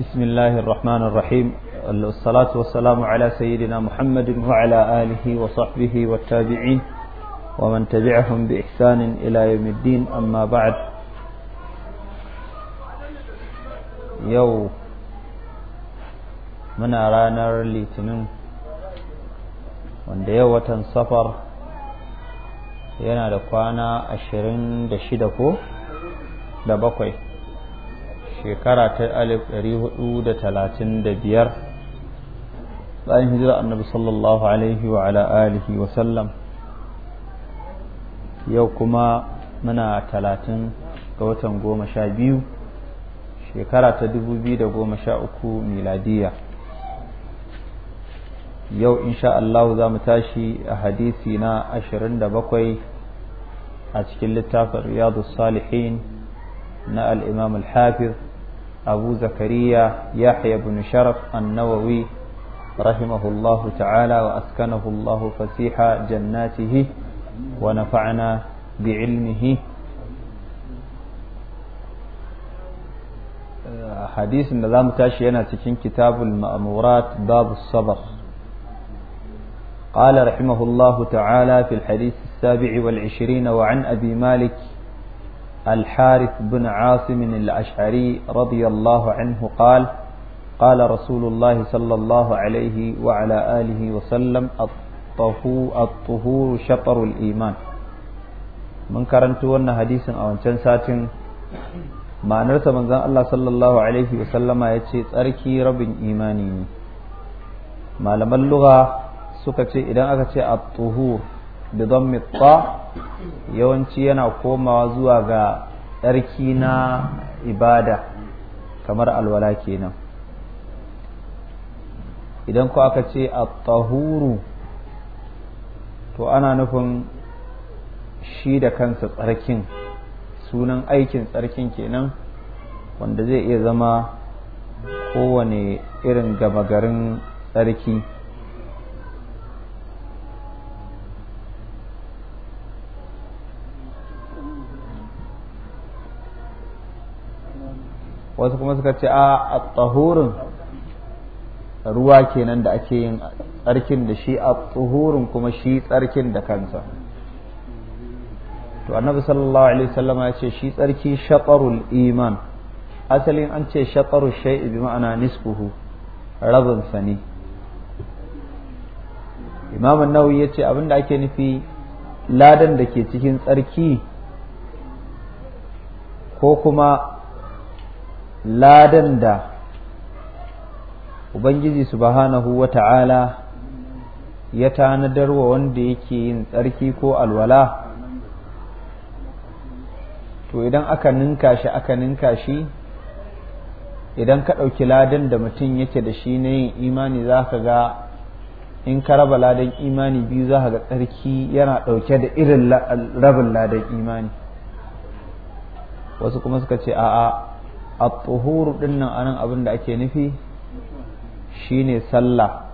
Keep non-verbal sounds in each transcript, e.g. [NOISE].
بسم الله الرحمن الرحيم الصلاة والسلام على سيدنا محمد وعلى آله وصحبه والتابعين ومن تبعهم بإحسان إلى يوم الدين أما بعد يو من رانا لتنم wanda yau watan safar yana da kwana ashirin da shida ko da bakwai shekara ta alif ɗari hudu da talatin da biyar bayan hijira annabi sallallahu alaihi wa ala wa sallam yau kuma muna talatin ga watan goma sha biyu shekara ta dubu biyu da goma sha uku miladiya yau insha Allah za mu tashi a hadisi na ashirin da bakwai a cikin littafin riyadu salihin na al'imam al-hafiz أبو زكريا يحيى بن شرف النووي رحمه الله تعالى وأسكنه الله فسيح جناته ونفعنا بعلمه حديث النظام تاشينا أنا تكين كتاب المأمورات باب الصبر قال رحمه الله تعالى في الحديث السابع والعشرين وعن أبي مالك الحارث بن عاصم الأشعري رضي الله عنه قال قال رسول الله صلى الله عليه وعلى آله وسلم الطهور شطر الإيمان من كرنت وانا حديثا أو انشان ساتن ما نرس من ذا الله صلى الله عليه وسلم يتشي تركي رب إيماني ما لما اللغة سكتشي إذا أكتشي الطهور bi dhammi ta yawanci yana komawa zuwa ga tsarki na ibada kamar alwala kenan idan ko aka ce at-tahuru to ana nufin shi da kansa tsarkin sunan aikin tsarkin kenan wanda zai iya zama kowane irin gama garin tsarki wasu kuma suka ce a tsahurin ruwa kenan da ake yin tsarkin da shi a tsuhurin kuma shi tsarkin da kansa to annabi sallallahu alaihi wasallam ya ce shi tsarki shaqarul iman asalin an ce shakarul shay'i bi ma'ana nisfuhu rabin sa ne imam an-nawawi ya ce abinda ake nufi ladan da ke cikin tsarki ko kuma ladan da ubangiji subhanahu wata'ala ya tanadar wa wanda yake yin tsarki ko alwala to idan aka ninka shi aka ninka shi idan ka ɗauki ladan da mutum yake da shi na yin imani za ka ga in ka raba ladan imani biyu za ka ga tsarki yana ɗauke da irin rabin ladan imani wasu kuma suka ce a'a at-tuhuru dinnan anan abin da ake nufi shine sallah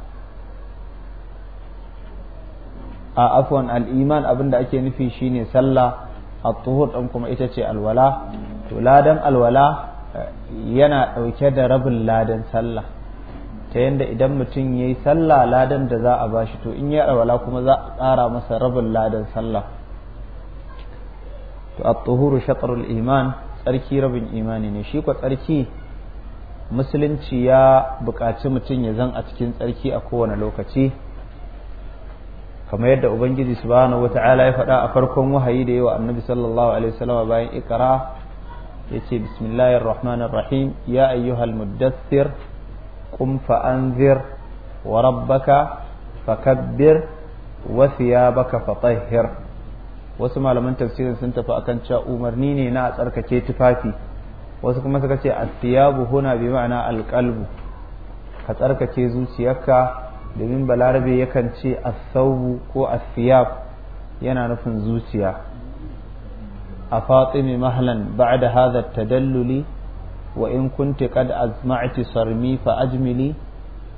a afwan al-iman abin da ake nufi shine sallah at-tuhur din kuma ita ce alwala to ladan alwala yana ɗauke da rabin ladan sallah ta yadda idan mutum ya yi sallah ladan da za a bashi to in ya alwala kuma za a ƙara masa rabin ladan sallah to at-tuhuru shatrul iman tsarki rabin imani ne shi kwa tsarki musulunci ya buƙaci mutum ya zan a cikin tsarki a kowane lokaci kamar yadda ubangiji subhanahu wata'ala ya faɗa a farkon wahayi da yawa annabi sallallahu alaihi wasallam bayan ikra ya ce rahmanir rahim ya ayyuhal muddaththir qum fa anzir wa rabbaka fakabbir wa thiyabaka fatahhir wasu malaman tafsirin sun tafi akan cewa umarni ne na a tsarkake tufafi wasu kuma suka ce attiyabu huna bi ma'ana alqalbu ka tsarkake zuciyarka domin balarabe yakan ce asaubu ko asiyab yana nufin zuciya a fatimi mahlan ba'da hadha tadalluli wa in kunti qad azma'ti sarmi fa ajmili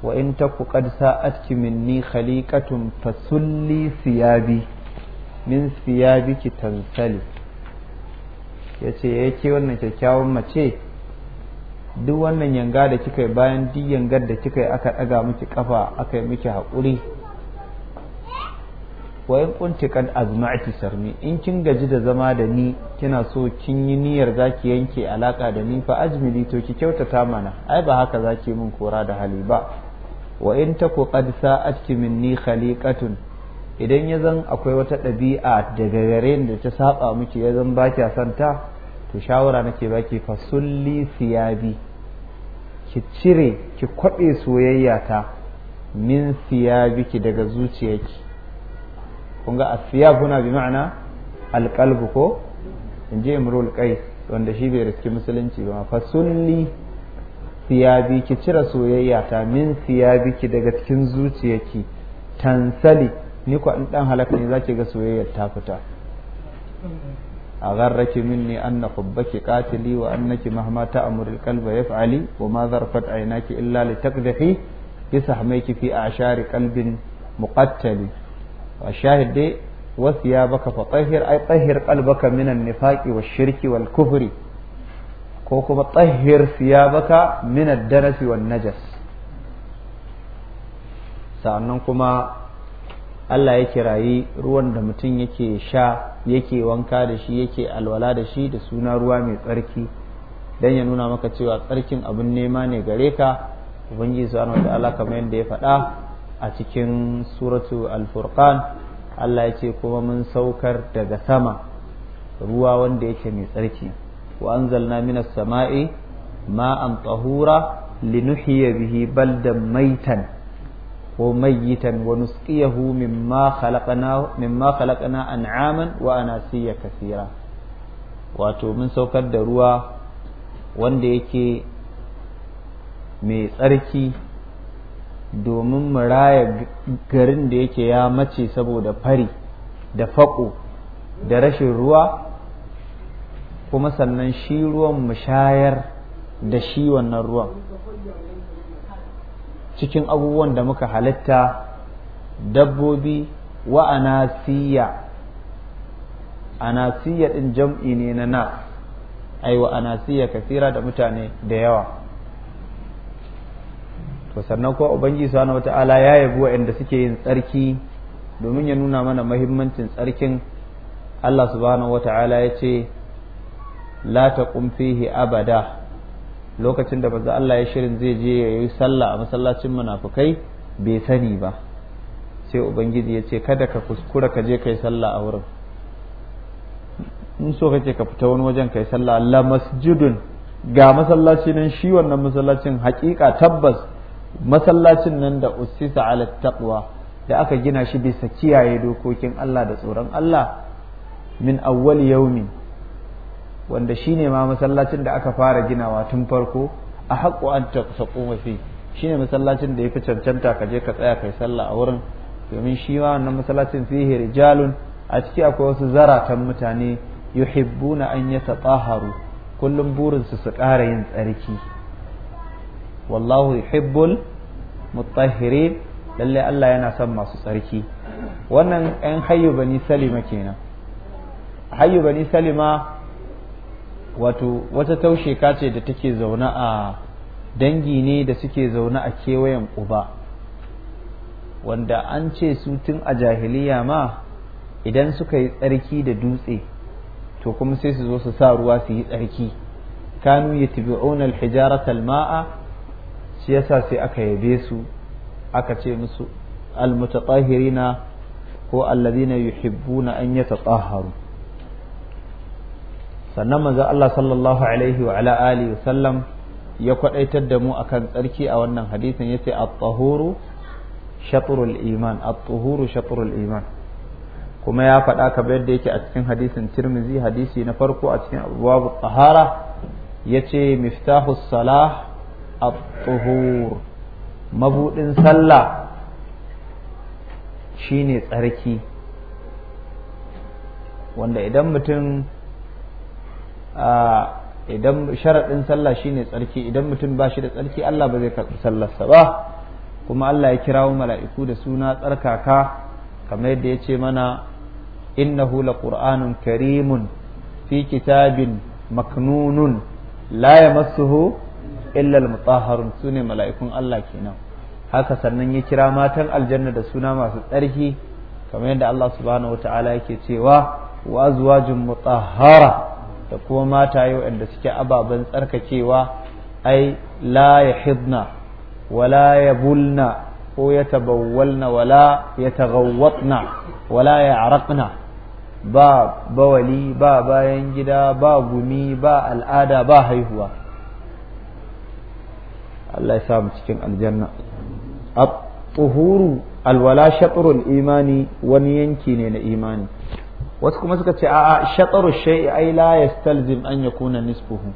wa in taku qad sa'atki minni khaliqatun fasulli siyabi min biki tansali ya ce ya eh, ke wannan kyakkyawan mace duk wannan yanga da kika yi bayan duk yangar da kika yi aka ɗaga miki kafa aka yi miki haƙuri wayan kunti kan azma'ati sarmi in kin gaji da zama da ni kina so kin yi niyyar zaki yanke alaka da ni fa ajmili to ki kyautata mana ai ba haka zaki min kora da hali ba wa in taku qad sa'atki minni khaliqatun idan ya zan akwai wata ɗabi'a daga gare da ta saba miki ya zan baki santa to shawara nake baki fasulli siyabi ki cire ki kwaɓe soyayya ta min siyabi ki daga zuciyarki kun ga asiyab huna bi ma'ana alqalbu ko in je imrul wanda shi bai riski musulunci ba fasulli siyabi ki cire soyayya ta min siyabi ki daga cikin zuciyarki tansali ni ko in dan halaka ne zaki ga soyayyar ta fita a garraki minni anna hubbaki qatili wa annaki mahma ta'muru al-qalba yaf'ali wa ma zarfat aynaki illa litaqdahi bisahmayki fi a'shari kalbin muqattali wa shahid dai wasiyabaka fa tahhir ay tahhir qalbaka min an-nifaqi wash-shirki wal-kufri ko kuma tahhir siyabaka min ad darasi wan-najas sanan kuma Allah ya kirayi ruwan da mutum yake sha yake wanka da shi yake alwala da shi da suna ruwa mai tsarki don ya nuna maka cewa tsarkin abin nema ne gare ka ubangiji subhanahu wataala kamar yadda ya faɗa a cikin suratu al Allah ya ce kuma mun saukar daga sama ruwa wanda yake mai tsarki wa anzalna minas sama'i ma'an tahura linuhyiya bihi baldan maitan وميتا ونسقيه مما خلقنا مما خلقنا أنعاما وأناسيا كثيرا wato mun saukar da ruwa wanda yake mai tsarki domin mu raya garin da yake ya mace saboda fari da faƙo da rashin ruwa kuma sannan shi ruwan mu shayar da shi wannan ruwan cikin abubuwan da muka halitta dabbobi wa anasiya anasiya din jam'i ne na nas aiwa anasiya kasira da mutane da yawa to sannan kuma ubangiji subhanahu wata'ala ya yabi waɗanda suke yin tsarki domin ya nuna mana mahimmancin tsarkin Allah subhanahu wata'ala ya ce la taqum fihi abada lokacin da manzo Allah ya shirin zai je ya yi sallah a masallacin munafukai bai sani ba sai ubangiji ya ce kada ka kuskura ka je kai sallah a wurin in so kake ka fita wani wajen kai sallah la masjidun ga masallaci nan shi wannan masallacin hakika tabbas masallacin nan da ussisa ala taqwa da aka gina shi bisa kiyaye dokokin Allah da tsoron Allah min awwal yaumin wanda shine ma masallacin da aka fara ginawa tun farko a haƙo an taquma fi shine masallacin da ya fi cancanta ka je ka tsaya kai sallah a wurin domin shi ma wannan masallacin fihi rijalun a ciki akwai wasu zaratan mutane yuhibbuna an yatatahharu kullum burinsu su ƙara yin tsarki wallahu yuhibbul mutahhirin lallai Allah yana son masu tsarki wannan ɗan hayyu bani salima kenan hayyu bani salima wato wata tausheka ce da take zaune a dangi ne da suke zaune a kewayen uba wanda an ce su tun a jahiliya ma idan suka yi tsarki da dutse to kuma sai su zo su sa ruwa su yi tsarki kanu yatbi'una al-hijarata al-ma'a shi yasa sai aka yabe su aka ce musu al-mutatahhirina ko alladhina yuhibbuna an yatatahharu sannan manzo Allah sallallahu alaihi wa ala alihi sallam ya kwadaitar da mu akan tsarki a wannan hadisin yace at-tahuru shatrul iman at-tahuru shatrul iman kuma ya faɗa ka da yake a cikin hadisin Tirmizi hadisi na farko a cikin babu tahara yace miftahu salah at-tuhur mabudin sallah shine tsarki wanda idan mutum idan sharaɗin sallah shine tsarki idan mutum ba shi da tsarki Allah ba zai karɓi sallarsa ba kuma Allah ya kirawo mala'iku da suna tsarkaka kamar yadda ya ce mana innahu laqur'anun karimun fi kitabin maknunun la yamassuhu illa almutahharun sune mala'ikun Allah kenan haka sannan ya kira matan aljanna da suna masu tsarki kamar yadda Allah subhanahu wata'ala yake cewa wa azwajun mutahhara da kuma mataye waɗanda suke ababen tsarkakewa ai la ya hibna wala ya bulna ko ya tabawwalna wala ya tagawwatna wala ya arakna ba bawali ba bayan gida ba gumi ba al'ada ba haihuwa Allah ya samu cikin aljanna tuhuru alwala shatrul imani wani yanki ne na imani wasu kuma suka ce a'a shataru shai ai la yastalzim an yakuna nisfuhu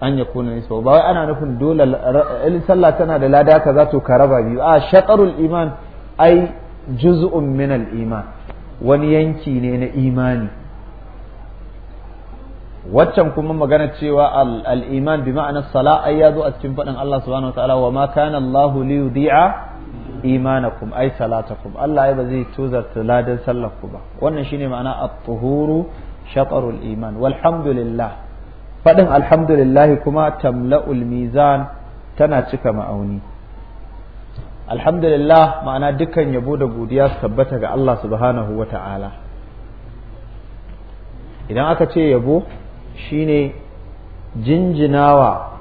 an yakuna nisfuhu ba wai ana nufin dole in sallah tana da lada kaza to ka raba biyu a shakarul iman ai juz'un min al iman wani yanki ne na imani waccan kuma magana cewa al iman bi ma'ana sala ai yazo a cikin faɗin Allah subhanahu wa ta'ala wa ma kana Allah li yudi'a imanakum ai salatakum Allah ya ba zai tuzarta ladan sallar ku ba wannan shine ma'ana at-tuhuru shatarul iman walhamdulillah fadin alhamdulillah kuma tamla'ul mizan tana cika ma'auni alhamdulillah ma'ana dukkan yabo da godiya su tabbata ga Allah subhanahu wata'ala idan aka ce yabo shine jinjinawa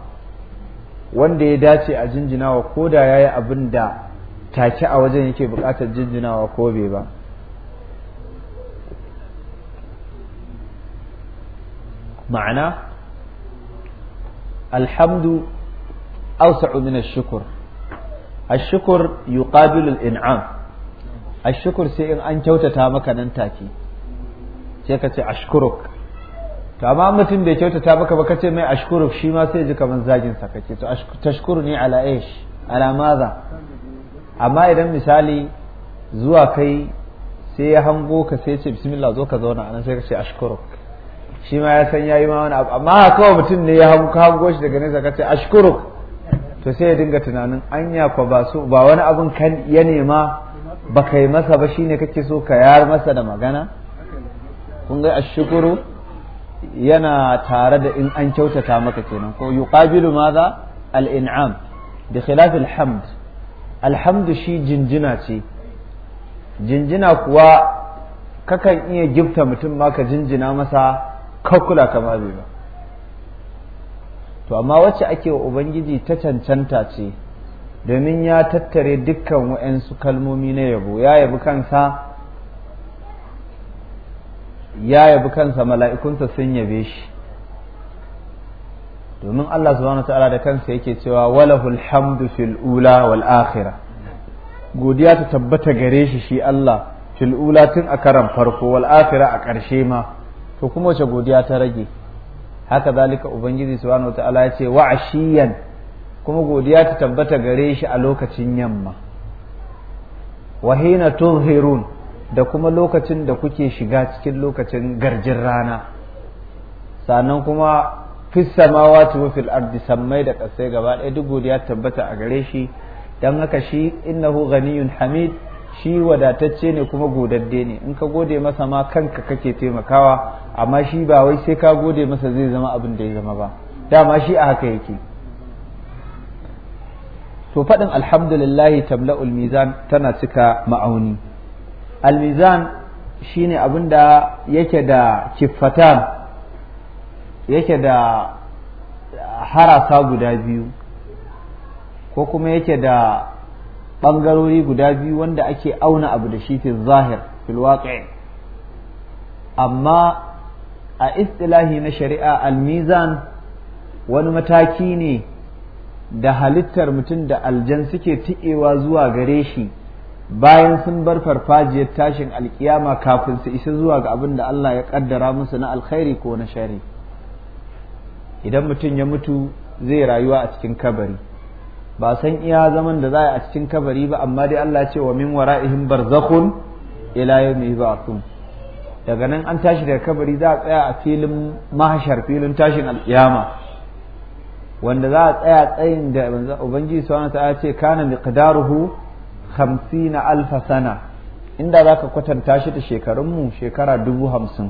wanda ya dace a jinjinawa ko da ya yi abin da take a wajen yake bukatar jinjinawa ko bai ba ma'ana alhamdu awsa'u min ash-shukr ash-shukr yuqabilu al-in'am ash-shukr sai in an kyautata maka nan take sai ka ce ashkuruk to amma mutum bai kyautata maka ba ka ce mai ashkuruk shi ma sai ji kamar zagin sa kake to tashkuru ni ala ish ala madha amma idan misali zuwa kai sai ya hango ka sai ce bismillah zo ka zauna anan sai ka ce ashkuru shi ma ya san yayi ma wani abu amma kawai mutum ne ya hango shi daga nesa ka ce ashkuru to sai ya dinga tunanin anya ko ba so ba wani abun kan ya nema ba kai masa ba shine kake so ka yar masa da magana kun ga ashkuru yana tare da in an kyautata maka kenan ko yuqabilu madha al-in'am bi khilaf al-hamd alhamdu shi jinjina ce jinjina kuwa kakan iya gifta mutum ma ka jinjina masa kakula kama bai ba to amma wacce ake wa ubangiji ta cancanta ce domin ya tattare dukkan wa'yansu kalmomi na yabo ya yabi kansa ya yabi kansa mala'ikunsa sun yabe shi domin Allah subhanahu ta'ala da kansa yake cewa walahul hamdu fil'ula ula wal godiya ta tabbata gare shi shi Allah fil'ula tun a karan farko wal a ƙarshe ma to kuma wace godiya ta rage haka zalika ubangiji subhanahu ta'ala ya ce wa ashiyan kuma godiya ta tabbata gare shi a lokacin yamma wa hina da kuma lokacin da kuke shiga cikin lokacin garjin rana sannan kuma fi samawati wa fil ardi sammai da kasai gaba ɗaya duk godiya tabbata a gare shi dan haka shi innahu ganiyun hamid shi wadatacce ne kuma godadde ne in ka gode masa ma kanka kake taimakawa amma shi ba wai sai ka gode masa zai zama abin da ya zama ba dama shi a haka yake to faɗin alhamdulillahi tamla'ul mizan tana cika ma'auni almizan shine abin da yake da kiffatan yake da harasa guda biyu ko kuma yake da bangarori guda biyu wanda ake auna abu da shi fi zahir fil amma a istilahi na shari'a almizan wani mataki ne da halittar mutum da aljan suke tiƙewa zuwa gare shi bayan sun bar farfajiyar tashin alƙiyama kafin su isa zuwa ga abin da Allah ya ƙaddara musu na alkhairi ko na shari'a idan mutum ya mutu zai rayuwa a cikin kabari ba san iya zaman da za a cikin kabari ba amma dai Allah ce wa min wara'ihim barzakhun ila yawmi yub'athun daga nan an tashi daga kabari za a tsaya a filin mahashar filin tashin alƙiyama wanda za a tsaya tsayin da ubangiji subhanahu ta'ala ce kana miqdaruhu 50 na alfasana inda za ka kwatanta shi da shekarun shekara dubu hamsin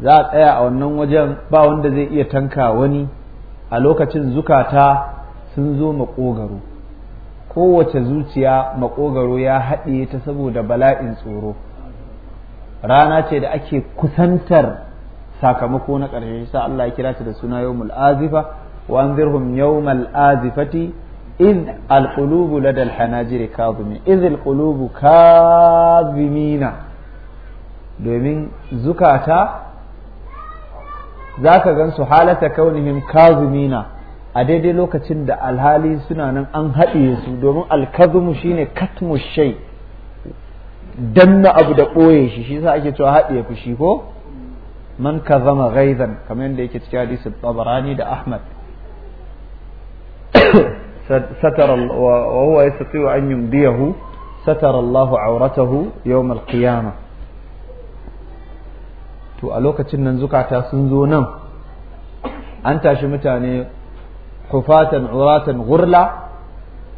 za a tsaya a wannan wajen ba wanda zai iya tanka wani a lokacin zukata sun zo makogaro kowace zuciya makogaro ya haɗe ta saboda bala'in tsoro rana ce da ake kusantar sakamako na ƙarshe sa Allah ya kira ta da suna yawmul azifa wa anzirhum yawmal azifati إذ القلوب لدى الحناجر كاظمين إذ القلوب كاظمين domin zukata za ka gan su halata kaunihim kazumina a daidai lokacin da alhali suna nan an haɗiye su domin alkazumu shine katmu shai danna abu da ɓoye shi shi sa ake cewa haɗiye fushi ko man kazama raizan kamar yadda yake cikin hadisi tabarani da ahmad ستر وهو يستطيع أن satar allah الله to a lokacin nan zukata sun zo nan an tashi mutane kufatan uratan gurla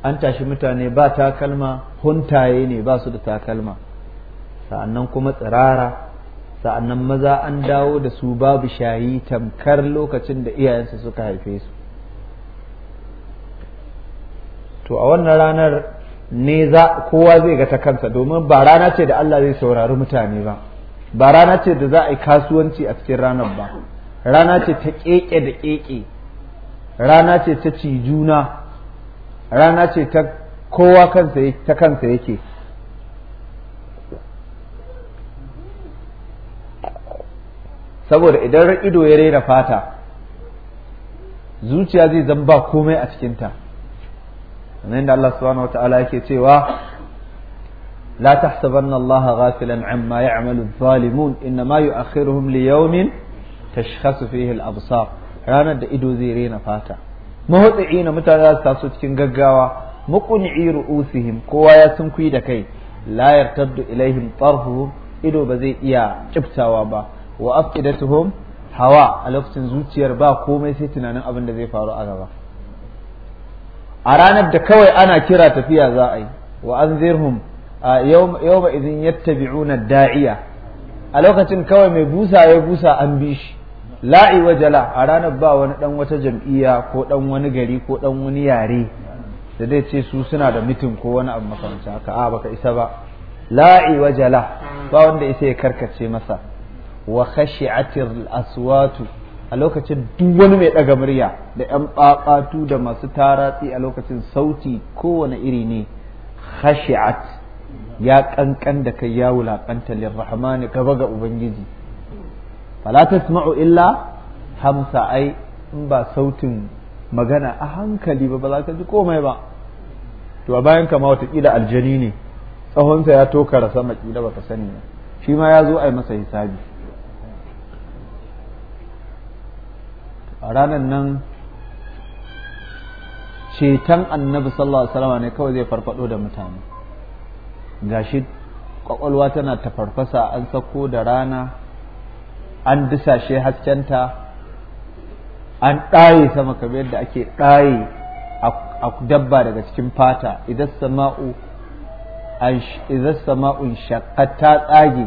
an tashi mutane ba takalma huntaye ne ba su da takalma sa'annan kuma tsirara sa'annan maza an dawo da su babu shayi tamkar lokacin da iyayensu suka haife su to a wannan ranar ne za kowa zai ga ta kansa domin ba rana ce da Allah zai saurari mutane ba ba rana ce da za a yi kasuwanci a cikin ranar ba rana ce ta keke da keke rana ce ta cijuna rana ce ta kowa kansa ta kansa yake saboda idan ido ya rera fata zuciya zai zan ba komai a cikinta nan da Allah subhanahu wa ta'ala yake cewa لا تحسبن الله غافلا عما يعمل الظالمون انما يؤخرهم ليوم تشخص فيه الابصار رانا da ido zirena fata mahotsi na mutane za su taso cikin gaggawa muqni'i ru'usihim kowa ya sunkuyi da kai la yartaddu ilaihim tarhu ido ba zai iya ciftawa ba wa afqidatuhum hawa a lokacin zuciyar ba komai sai tunanin abin da zai faru a gaba a ranar da kawai ana kira tafiya za a yi wa anzirhum yau ba idin yattabi'una da'iya a lokacin kawai mai busa ya busa an bi shi la'i wajala a ranar ba wani dan wata jam'iyya ko dan wani gari ko dan wani yare da zai ce su suna da mitin ko wani abu makamancin haka a baka isa ba la'i wajala ba wanda isa ya karkace masa wa khashi'atir aswatu a lokacin duk wani mai daga murya da yan ɓaɓatu da masu taratsi a lokacin sauti kowane iri ne khashi'at ya kankan da kai ya wulakanta lirrahmani gaba ga ubangiji fala tasma'u illa hamsa ai in ba sautin magana a hankali ba ba za ka ji komai ba to a bayan kama watakila aljani ne tsawonsa ya tokara sama kila ka sani ba shi ma ya zo a yi masa hisabi a ranar nan ceton annabi sallallahu alaihi wasallam ne kawai zai farfado da mutane gashi kwakwalwa tana tafarfasa an sako da rana an dusashe haskenta an ɗaye sama kamar yadda ake ɗaye a dabba daga cikin fata idan sama'u idan sama'u ta tsage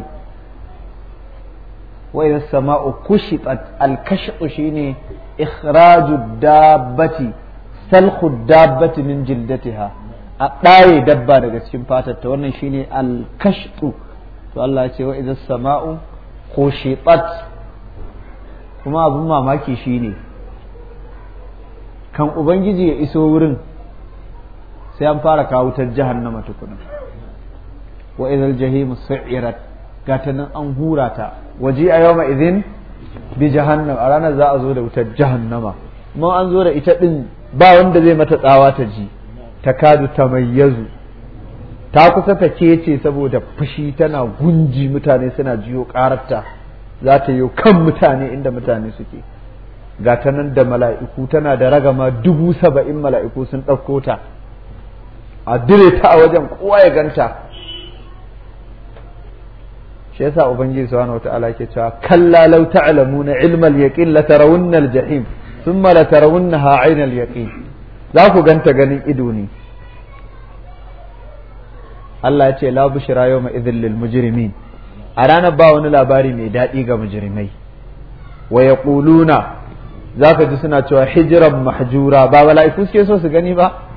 wa idan sama'u kushitat alkashu shine ikhraju dabbati salhud dabbati min jildatiha a ɗaye dabba daga cikin fatar ta wannan shine al-kashtu to Allah ya ce wa idza sama'u khushitat kuma abin mamaki shine kan ubangiji ya iso wurin sai an fara kawo ta jahannama tukuna wa idza al su'irat gata nan an hura ta waje a yau idin bi jahannam a ranar za a zo da wutar jahannama kuma an zo da ita din ba wanda zai mata tsawa ta ji takadu tamayyazu ta kusa ta kece saboda fushi tana gunji mutane suna jiyo ƙararta za ta yi kan mutane inda mutane suke ga ta nan da mala'iku tana da ragama dubu saba'in mala'iku sun ɗauko ta a dire ta a wajen kowa ya ganta shi yasa ubangiji subhanahu wata'ala ke cewa kalla law ta'lamuna ilmal yaqin la tarawunnal jahim thumma la tarawunnaha 'ayna al yaqin za ku ganta ganin ido ne Allah ya ce la bushira yawma idhil lil mujrimin a ranar ba wani labari mai daɗi ga mujrimai wa yaquluna ka ji suna cewa hijran mahjura ba mala'iku suke so su gani ba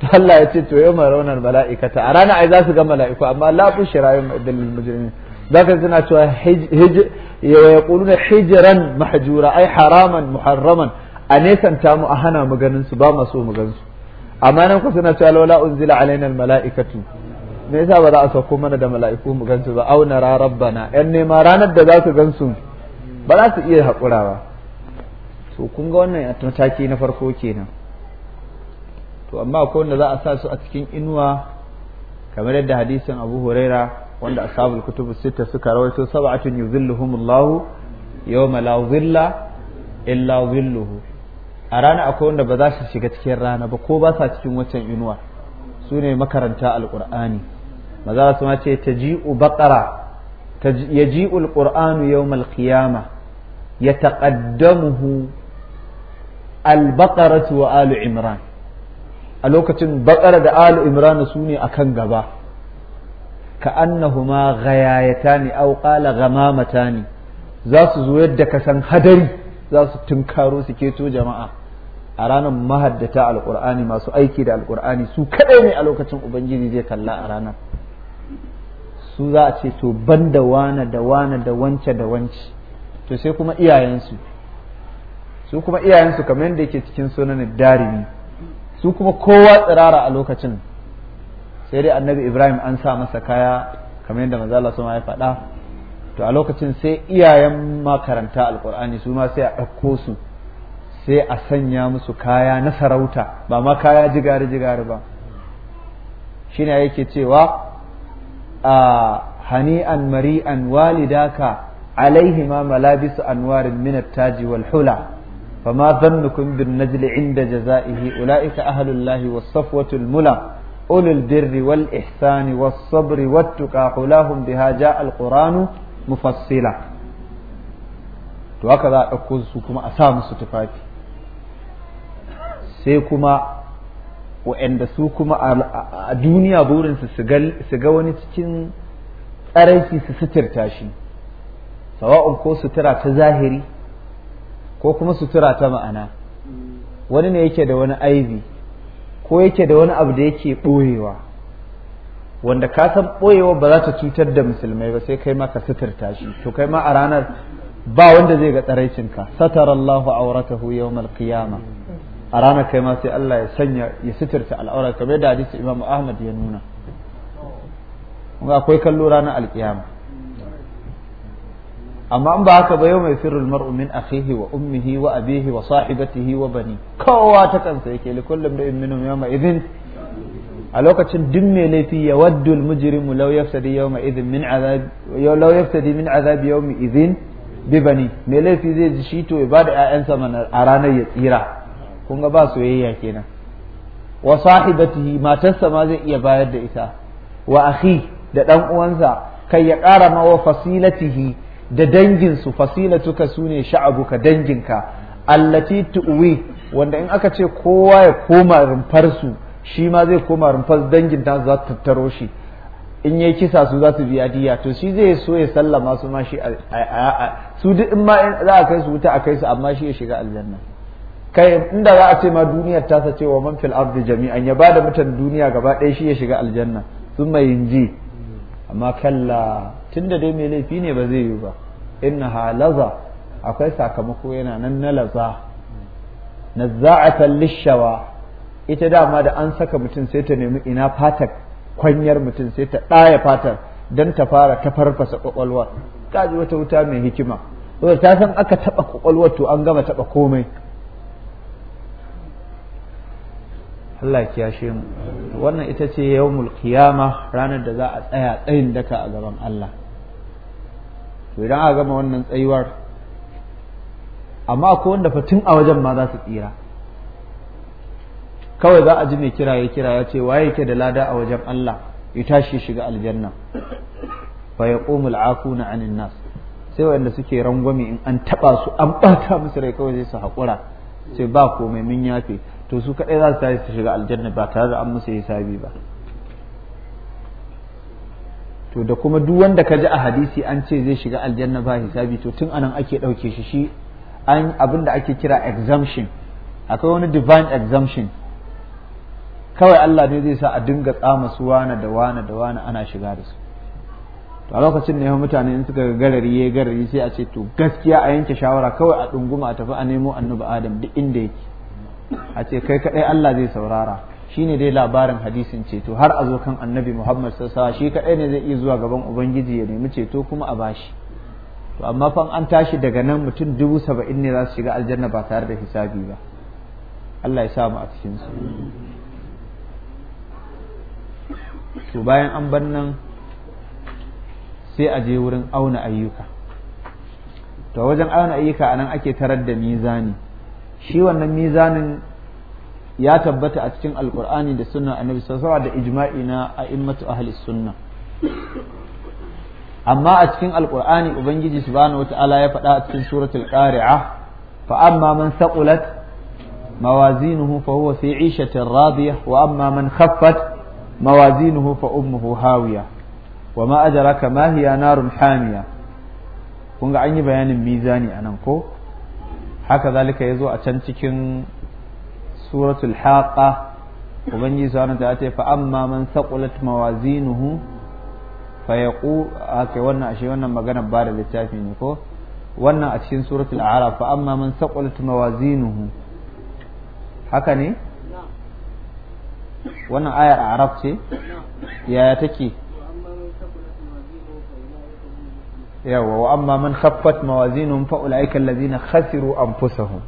to Allah ya ce to ma raunar mala'ikata a ranar ai za su ga mala'iku amma la bushira yawma idhil lil mujrimin ji suna cewa hijran mahjura ai haraman muharraman a nesanta mu a hana mu ganin su ba mu gan su amma nan ku suna cewa laula unzila alaina mala'ikatu me yasa ba za a sauko mana da mala'iku mu gan su ba auna nara rabbana yan ma ranar da za su gan su ba za su iya haƙura ba to kun ga wannan mataki na farko kenan to amma ko wanda za a sa su a cikin inuwa kamar yadda hadisin Abu Huraira wanda ashabul kutub sita suka rawaito sab'atun yuzilluhumullahu yawma la zilla illa zilluhu a rana akwai wanda ba za su shiga cikin rana ba ko ba sa cikin waccan inuwa su ne makaranta alƙur'ani maza su ma ce ta ji'u baƙara ya ji'u alƙur'anu yau malƙiyama ya taƙaddamuhu albaƙaratu wa alu imran a lokacin baƙara da alu imran su ne a kan gaba ka annahuma gayayata ne au ƙala gamamata ne za su zo yadda ka san hadari za su tunkaro su keto jama'a a ranar mahaddata alkur'ani masu aiki da alkur'ani su kaɗai ne a lokacin ubangiji zai kalla a ranar su za a ce to ban da wane da wane da wance da wance to sai kuma iyayensu su kuma iyayensu kamar yadda yake cikin sunan darimi su kuma kowa tsirara a lokacin sai dai annabi ibrahim an sa masa kaya kamar yadda manzo Allah ya faɗa to a lokacin sai iyayen makaranta alkur'ani su ma sai a ɗauko su sai a sanya musu kaya na sarauta ba ma kaya jigare jigare ba shi ne yake cewa a hani'an mari'an walidaka alaihi ma malabisu anwarin minat taji wal hula fa ma zannukum bin najli inda jaza'ihi ulaika ahlullahi was safwatul mula ulul birri wal ihsani was sabri wattuqa hulahum biha ja'a al qur'anu mufassila to haka za a ɗauko su kuma a sa musu tufafi sai kuma waɗanda su kuma a duniya burinsu su ga wani cikin tsaraici su suturta shi sawa'un ko sutura ta zahiri ko kuma sutura ta ma'ana wani ne yake da wani aibi ko yake da wani abu da yake ɓoyewa wanda ka san ɓoyewa ba za ta cutar da musulmai ba sai kai ma ka suturta shi to kai ma a ranar ba wanda zai ga tsaraicinka satarallahu auratahu yawmal qiyamah a ranar kai ma sai Allah ya sanya ya suturta al'aura kamar da hadisi Imam Ahmad ya nuna kuma akwai kallo ranar alkiyama amma in ba haka ba yau mai firul mar'u min akhihi wa ummihi wa abihi wa sahibatihi wa bani kowa ta kansa yake li kullum da minhum yawma idhin a lokacin duk mai laifi ya waddu al law yaftadi yawma idhin min azab law min azab yawmi idhin bi bani mai laifi zai ji shi to ya bada ƴaƴansa a ranar ya tsira kun ga ba soyayya kenan wa sahibatihi matarsa ma zai iya bayar da ita wa akhi da dan uwansa kai ya ƙara ma wa fasilatihi da danginsu fasilatuka su ne sha'abuka danginka allati tu'wi wanda in aka ce kowa ya koma rumfarsu shi ma zai koma rumfar dangin ta za ta tattaro shi in yi kisa su za su biya diya to shi zai so ya sallama su ma shi su duk in ma za a kai su wuta a kai su amma shi ya shiga aljanna kai inda za a ce ma duniyar ta sace wa man fil ardi jami'an ya bada mutan duniya gaba ɗaya shi ya shiga aljanna sun mai yinji amma kalla tunda dai mai laifi ne ba zai yi ba innaha laza akwai sakamako yana nan na laza nazza'atan lishawa ita dama da an saka mutum sai ta nemi ina fatar kwanyar mutum sai ta ɗaya fatar don ta fara ta farfasa kwakwalwa ta ji wata wuta mai hikima saboda ta san aka taɓa kwakwalwar to an gama taɓa komai Allah kiyashe mu wannan ita ce yawmul qiyama ranar da za a tsaya tsayin daka a gaban Allah to idan aka gama wannan tsayuwar amma akwai wanda tun a wajen ma za su tsira kawai za a ji mai kira ya kira ya ce waye yake da lada a wajen Allah ya tashi shiga aljanna fa yaqumul aquna anin nas sai wanda suke rangwame in an taba su an bata musu rai kawai sai su haƙura sai ba komai mun yafe to su kaɗai za su tashi su shiga aljanna ba tare da an musu hisabi ba to da kuma duk wanda ka ji a hadisi an ce zai shiga aljanna ba hisabi to tun anan ake ɗauke shi shi an abin da ake kira exemption akwai wani divine exemption kawai Allah ne zai sa a dinga tsama su wane da wana da wana ana shiga da su to a lokacin ne mutane in suka garari ya garari sai a ce to gaskiya a yanke shawara kawai a ɗunguma a tafi a nemo annabi adam duk inda yake a ce kai kaɗai Allah zai saurara shi ne dai labarin hadisin ceto har a zo kan annabi Muhammad sallallahu shi kaɗai ne zai iya zuwa gaban ubangiji ya nemi ceto kuma a bashi to amma fa an tashi daga nan mutum dubu saba'in ne za su shiga aljanna ba tare da hisabi ba Allah ya sa mu a cikin su to bayan an bar nan sai a je wurin auna ayyuka to wajen auna ayyuka anan ake tarar da mizani shi wannan mizanin ya tabbata a cikin alkur'ani da sunna annabi sallallahu da ijma'i na a'immatu ahli sunna amma a cikin alkur'ani ubangiji subhanahu wata'ala ya faɗa a cikin suratul qari'a fa amma man saqulat mawazinuhu fa huwa fi 'ishatin radiyah wa amma man khaffat mawazinuhu fa ummuhu hawiya wa ma adraka ma hiya narun hamiya kun ga an yi bayanin mizani anan ko haka zalika ya zo a can cikin suratul haqa ubangiji subhanahu ta ce fa amma man saqulat mawazinuhu fa yaqu ake wannan ashe wannan magana ba da littafi ne ko wannan a cikin suratul a'raf fa amma man saqulat mawazinuhu haka ne wannan ayar a'raf ce yaya take yawa wa amma man khaffat mawazinuhum fa ulaika allazina khasiru anfusahum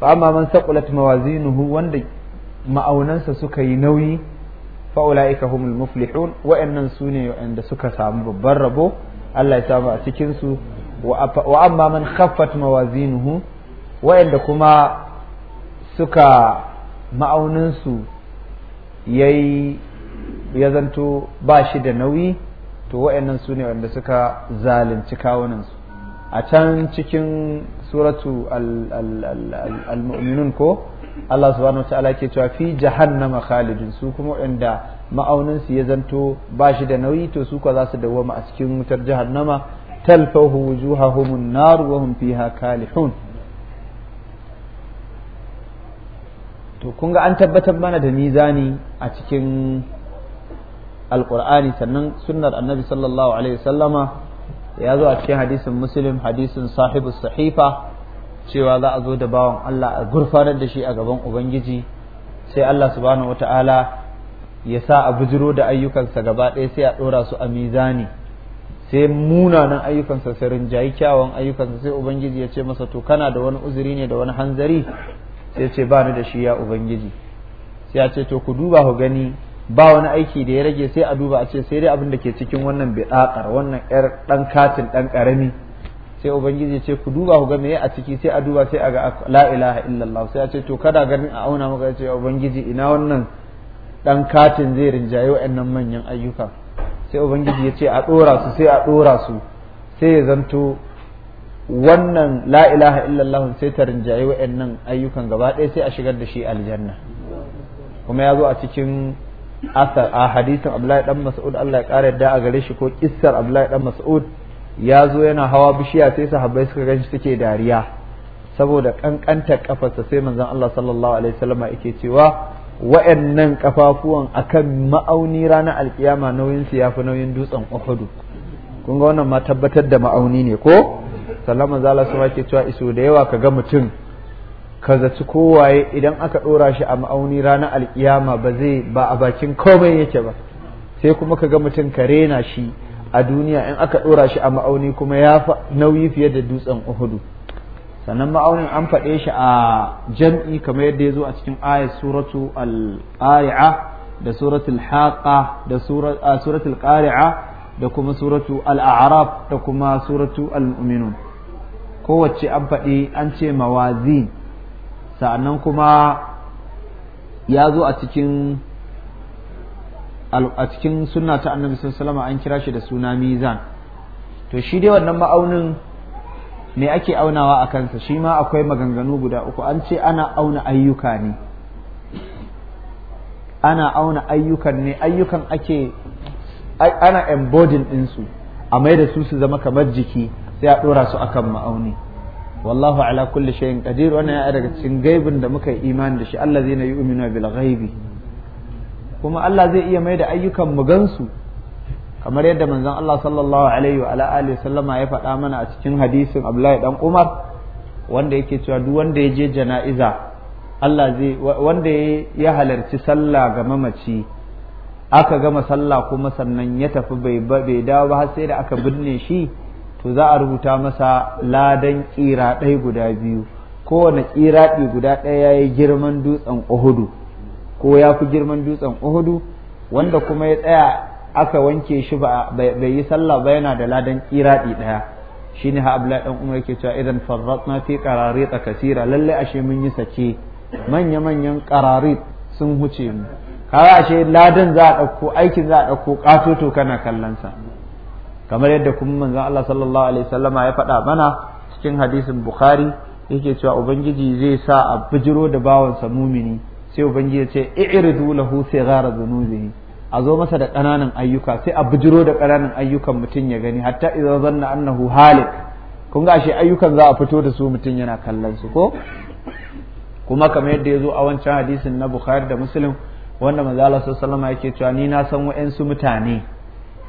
fa amma man saqulat mawazinuhu wanda ma'aunansa suka yi nauyi fa ulaika humul muflihun wa'annan sune wa'anda suka samu babban rabo Allah ya samu a cikin su wa amma man khaffat mawazinuhu wa'anda kuma suka ma'auninsu yayi ya zanto ba shi da nauyi to wa'annan su ne wanda suka zalunci kawunansu a can cikin suratu al-mu'minun ko Allah subhanahu wataala ke cewa fi jahannama khalidin su kuma waɗanda ma'aunin su ya zanto ba shi da nauyi to su kwa za su dawwama a cikin wutar jahannama talfahu wujuhahum an-nar wa hum fiha kalihun to kun an tabbatar mana da mizani a cikin alqur'ani sannan sunnar annabi sallallahu alaihi wasallama ya zo a cikin hadisin muslim hadisin sahibu sahifa cewa za a zo da bawan Allah a gurfanar da shi a gaban ubangiji sai Allah subhanahu wataala ya sa a bujiro da ayyukansa gaba ɗaya sai a ɗora su a mizani sai munanan ayyukansa sai rinjayi kyawun ayyukansa sai ubangiji ya ce masa to kana da wani uzuri ne da wani hanzari sai ce ba ni da shi ya ubangiji sai ya ce to ku duba ku gani ba wani aiki da ya rage sai a duba a ce sai dai abin da ke cikin wannan bidakar wannan yar dan katin dan karami sai ubangiji ce ku duba ku ga meye a ciki sai a duba sai a ga la ilaha illallah sai a ce to kada ganin a auna maka ce ubangiji ina wannan dan katin zai rinjaye wa'annan manyan ayyuka sai ubangiji ya ce a dora su sai a dora su sai ya zanto wannan la ilaha illallah sai ta rinjaye wa'annan ayyukan gaba ɗaya sai a shigar da shi aljanna kuma ya zo a cikin asar a hadisin Abdullahi dan Mas'ud Allah ya kare da a gare shi ko kissar Abdullahi dan Mas'ud ya zo yana hawa bishiya sai sahabbai suka shi suke dariya saboda kankanta kafarsa sai manzon Allah sallallahu alaihi wasallama yake cewa wa'annan kafafuwan akan ma'auni ranar alkiyama nauyin su yafi nauyin dutsen Uhud kun ga wannan ma tabbatar da ma'auni ne ko sallama zala su ke cewa iso da yawa kaga mutum ka zaci kowaye idan aka ɗora shi a ma'auni ranar alkiyama ba zai ba a bakin komai yake ba sai kuma ka ga mutum ka rena shi a duniya in aka ɗora shi a ma'auni kuma ya nauyi fiye da dutsen uhudu sannan ma'aunin an faɗe shi a jam'i kamar yadda ya zo a cikin ayat suratu al-ari'a da suratul haqa da suratul qari'a da kuma suratu al-a'raf da kuma suratu al-mu'minun kowace an faɗi an ce mawazin sa'annan kuma ya zo a cikin a sunna ta annabi sallama an kira shi da suna mizan to shi dai wannan ma'aunin me ake aunawa a kansa shi ma akwai maganganu guda uku an ce ana auna ayyuka ne ana auna ayyukan ne ayyukan ake ana embodin ɗinsu a mai da su su zama kamar jiki sai a ɗora su akan ma'auni wallahu ala kulli shay'in qadir wannan ya daga cikin gaibin da muka yi imani da shi Allah zai na yu'minu bil ghaibi kuma Allah zai iya mai da ayyukan mu gansu kamar yadda manzon Allah sallallahu alaihi wa alihi sallama ya faɗa mana a cikin hadisin Abdullahi dan Umar wanda yake cewa duk wanda ya je jana'iza Allah zai wanda ya halarci sallah ga mamaci aka gama sallah kuma sannan ya tafi bai dawo ba har sai da aka binne shi to za a rubuta masa ladan kira ɗai guda biyu kowane ƙiraɗi guda ɗaya ya yi girman dutsen ohudu ko ya fi girman dutsen ohudu wanda kuma ya tsaya aka wanke shi ba bai yi sallah ba yana da ladan ƙiraɗi ɗaya shine ne abdullahi ɗan umar yake cewa idan farratna fi qararita kasira lallai ashe mun yi sake manya manyan kararri sun huce mu kawai ashe ladan za a ɗauko aikin za a ɗauko ƙatoto kana kallon sa kamar yadda kuma manzon Allah sallallahu alaihi wasallama ya faɗa mana cikin hadisin bukhari yake cewa ubangiji zai sa a bijiro da bawansa mumini sai ubangiji ya ce i'ridu lahu sigara dhunubihi a zo masa da ƙananan ayyuka sai a bijiro da ƙananan ayyukan mutum ya gani hatta idan zanna annahu halik kun ga shi ayyukan za a fito da su mutum yana kallon su ko kuma kamar yadda ya zo a wancan hadisin na bukhari da muslim wanda manzo Allah sallallahu alaihi wasallama yake cewa ni na san wa'ansu mutane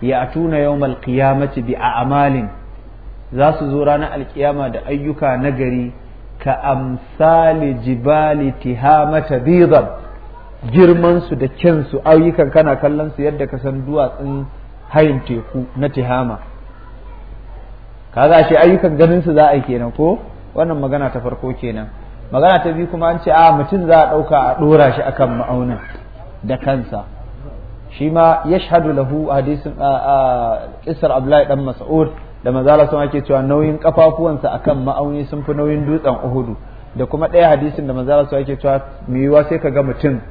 ya'tuna yawmal qiyamati bi a'malin za su zo ranar alkiyama da ayyuka nagari ka amsali jibali tihamata bidan girman su da kyansu ayyukan kana kallon su yadda ka san duwatsun hayin teku na tihama kaga shi ayyukan ganin su za a yi kenan ko wannan magana ta farko kenan magana ta biyu kuma an ce a ah, mutum za a ɗauka a ɗora shi akan ma'aunin da kansa shi ma yashhadu lahu hadisin kisar abulai dan Mas'ud da manzala sun ake cewa nauyin kafafuwansa akan ma'auni sun fi nauyin dutsen Uhudu da kuma ɗaya hadisin da manzala sun ake cewa mai yiwa sai ka ga mutum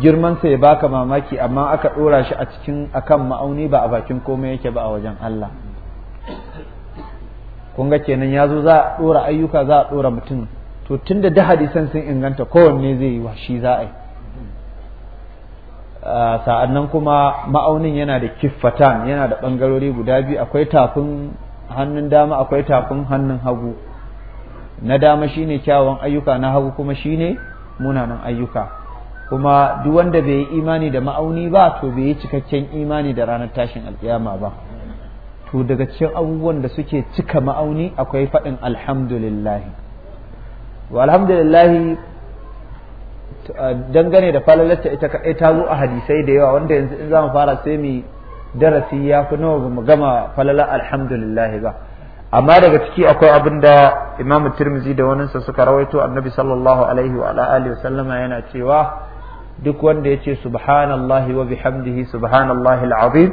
girmansa ya baka mamaki amma aka ɗora shi a cikin akan ma'auni ba a bakin komai yake ba a wajen Allah kun ga kenan ya zo za a ɗora ayyuka za a ɗora mutum to tunda da hadisan sun inganta kowanne zai yi wa shi za a yi Ah, sa'annan kuma ma'aunin yana da kiffatan yana da ɓangarori guda biyu akwai tafin hannun dama akwai tafin hannun hagu na dama shine kyawawan ayyuka na hagu kuma shine munanan ayyuka kuma duk wanda bai yi imani da ma'auni ba to bai yi cikakken imani da ranar tashin alkiyama ba to daga cikin abubuwan da suke cika ma'auni akwai faɗin alhamdulillahi wa alhamdulillahi dangane da falalarta ita kaɗai ta zo a hadisai da yawa wanda yanzu in zamu fara sai mu darasi ya fi nawa mu gama falalar alhamdulillah ba amma daga ciki akwai abin da imamu tirmizi da sa suka rawaito annabi sallallahu alaihi wa alihi wa sallama yana cewa duk wanda yace subhanallahi wa bihamdihi subhanallahi al'azim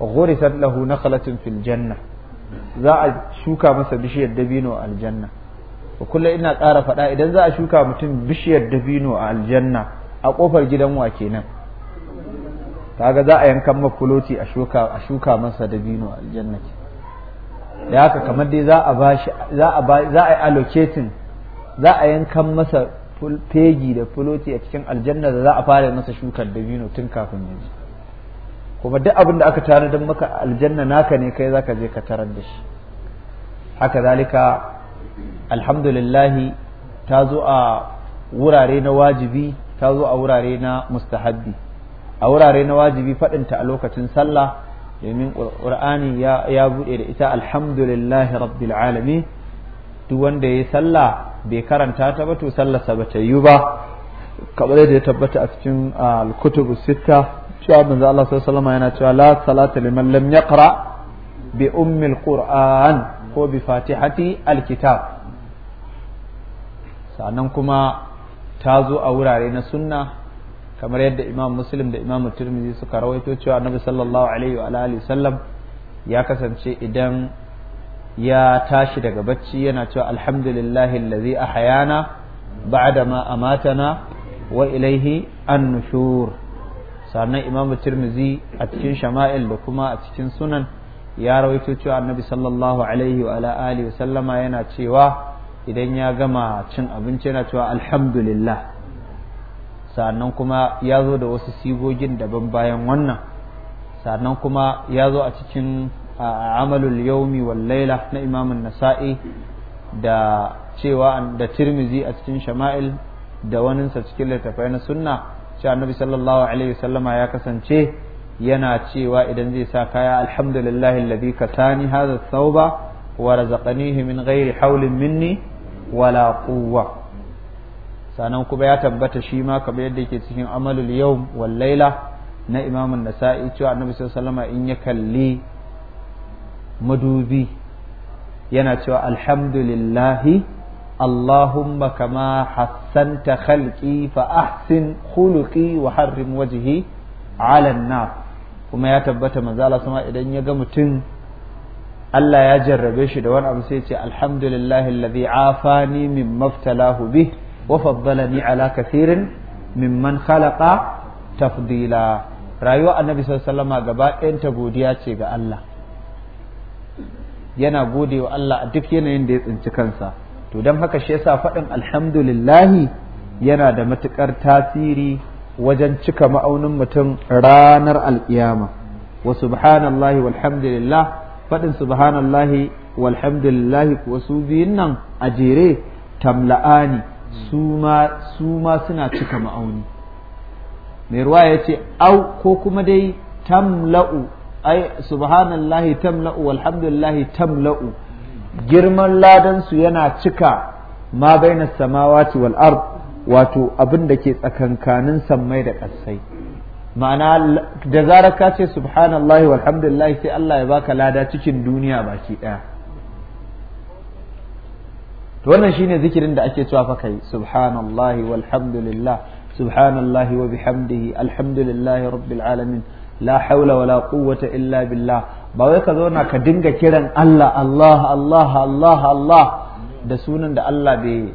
ghurisat lahu nakhlatun fil janna za a shuka masa bishiyar dabino aljanna ba kulle ina ƙara faɗa idan za a shuka mutum bishiyar dabino a aljanna a ƙofar gidan wa kenan kaga za a yankan makuloti a shuka a shuka masa dabino a aljanna ke da haka kamar dai za a bashi za za a allocating za a yankan masa fegi da fuloti a cikin aljanna da za a fara masa shukar dabino tun kafin ya kuma duk abin da aka don maka aljanna naka ne kai zaka je ka tarar da shi haka zalika alhamdulillahi ta zo a wurare na wajibi ta zo a wurare na mustahabbi a wurare na wajibi faɗinta a lokacin sallah domin ƙur'ani ya buɗe da ita alhamdulillahi rabbil alamin duk wanda ya yi sallah bai karanta ta ba to sallarsa ba ta yi ba kamar da ya tabbata a cikin al sita. sitta cewa manzo Allah sallallahu alaihi wasallam yana cewa la salata liman lam yaqra bi ummil qur'an ko bi fatihati alkitab sannan kuma ta zo a wurare na sunna kamar yadda imam muslim da imam turmizi suka rawaito cewa annabi sallallahu alaihi wa alihi sallam ya kasance idan ya tashi daga bacci yana cewa alhamdulillahi allazi hayana ba'da ma amatana wa ilaihi an-nushur sannan imam turmizi a cikin shama'il da kuma a cikin sunan ya rawaito cewa annabi sallallahu alaihi wa alihi sallama yana cewa idan ya gama cin abinci yana cewa alhamdulillah sannan kuma ya zo da wasu sigogin daban bayan wannan sannan kuma ya zo a cikin amalul yaumi wal laila na imamun nasa'i da cewa da tirmizi a cikin shama'il da waninsa cikin littafai na sunna cewa annabi sallallahu alaihi wasallama ya kasance yana cewa idan zai sa kaya alhamdulillah alladhi kasani hadha thawba wa razaqanihi min ghairi hawlin minni wala quwwa sanan kuma ya tabbata shi ma kamar yadda yake cikin amalul yawm wal Layla na imamun nasa'i cewa annabi sallallahu alaihi in ya kalli madubi yana cewa alhamdulillahi Allahumma kama hassanta khalqi fa ahsin khuluqi wa harrim wajhi alan na kuma ya tabbata manzala sama idan ya ga mutum Allah ya jarrabe shi da wani abu sai ce alhamdulillahi alladhi afani min maftalahu bih wa faddalani ala kathirin mimman khalaqa tafdila rayuwa annabi sallallahu gaba ta godiya ce ga Allah yana gode wa Allah a duk yanayin da ya tsinci kansa to don haka shi yasa faɗin alhamdulillahi yana da matukar tasiri wajen cika ma'aunin mutum ranar alƙiyama wa subhanallahi walhamdulillah faɗin subhanallahi walhamdulillahi kuwa su biyun nan a jere tamla'ani su ma suna cika ma'auni mai ruwa ya ce au ko kuma dai tamla'u ai subhanallahi tamla'u walhamdulillahi tamla'u girman ladansu yana cika ma bainas samawati wal ard wato abin da ke tsakankanin sammai da ƙasai ma'ana da zarar ka ce subhanallahi walhamdulillah sai Allah ya baka lada cikin duniya baki ɗaya to wannan shine zikirin da ake cewa fa kai subhanallahi walhamdulillah subhanallahi wa bihamdihi alhamdulillahi rabbil alamin la hawla wala quwwata illa billah ba wai ka zauna ka dinga kiran Allah Allah Allah Allah Allah da sunan da Allah bai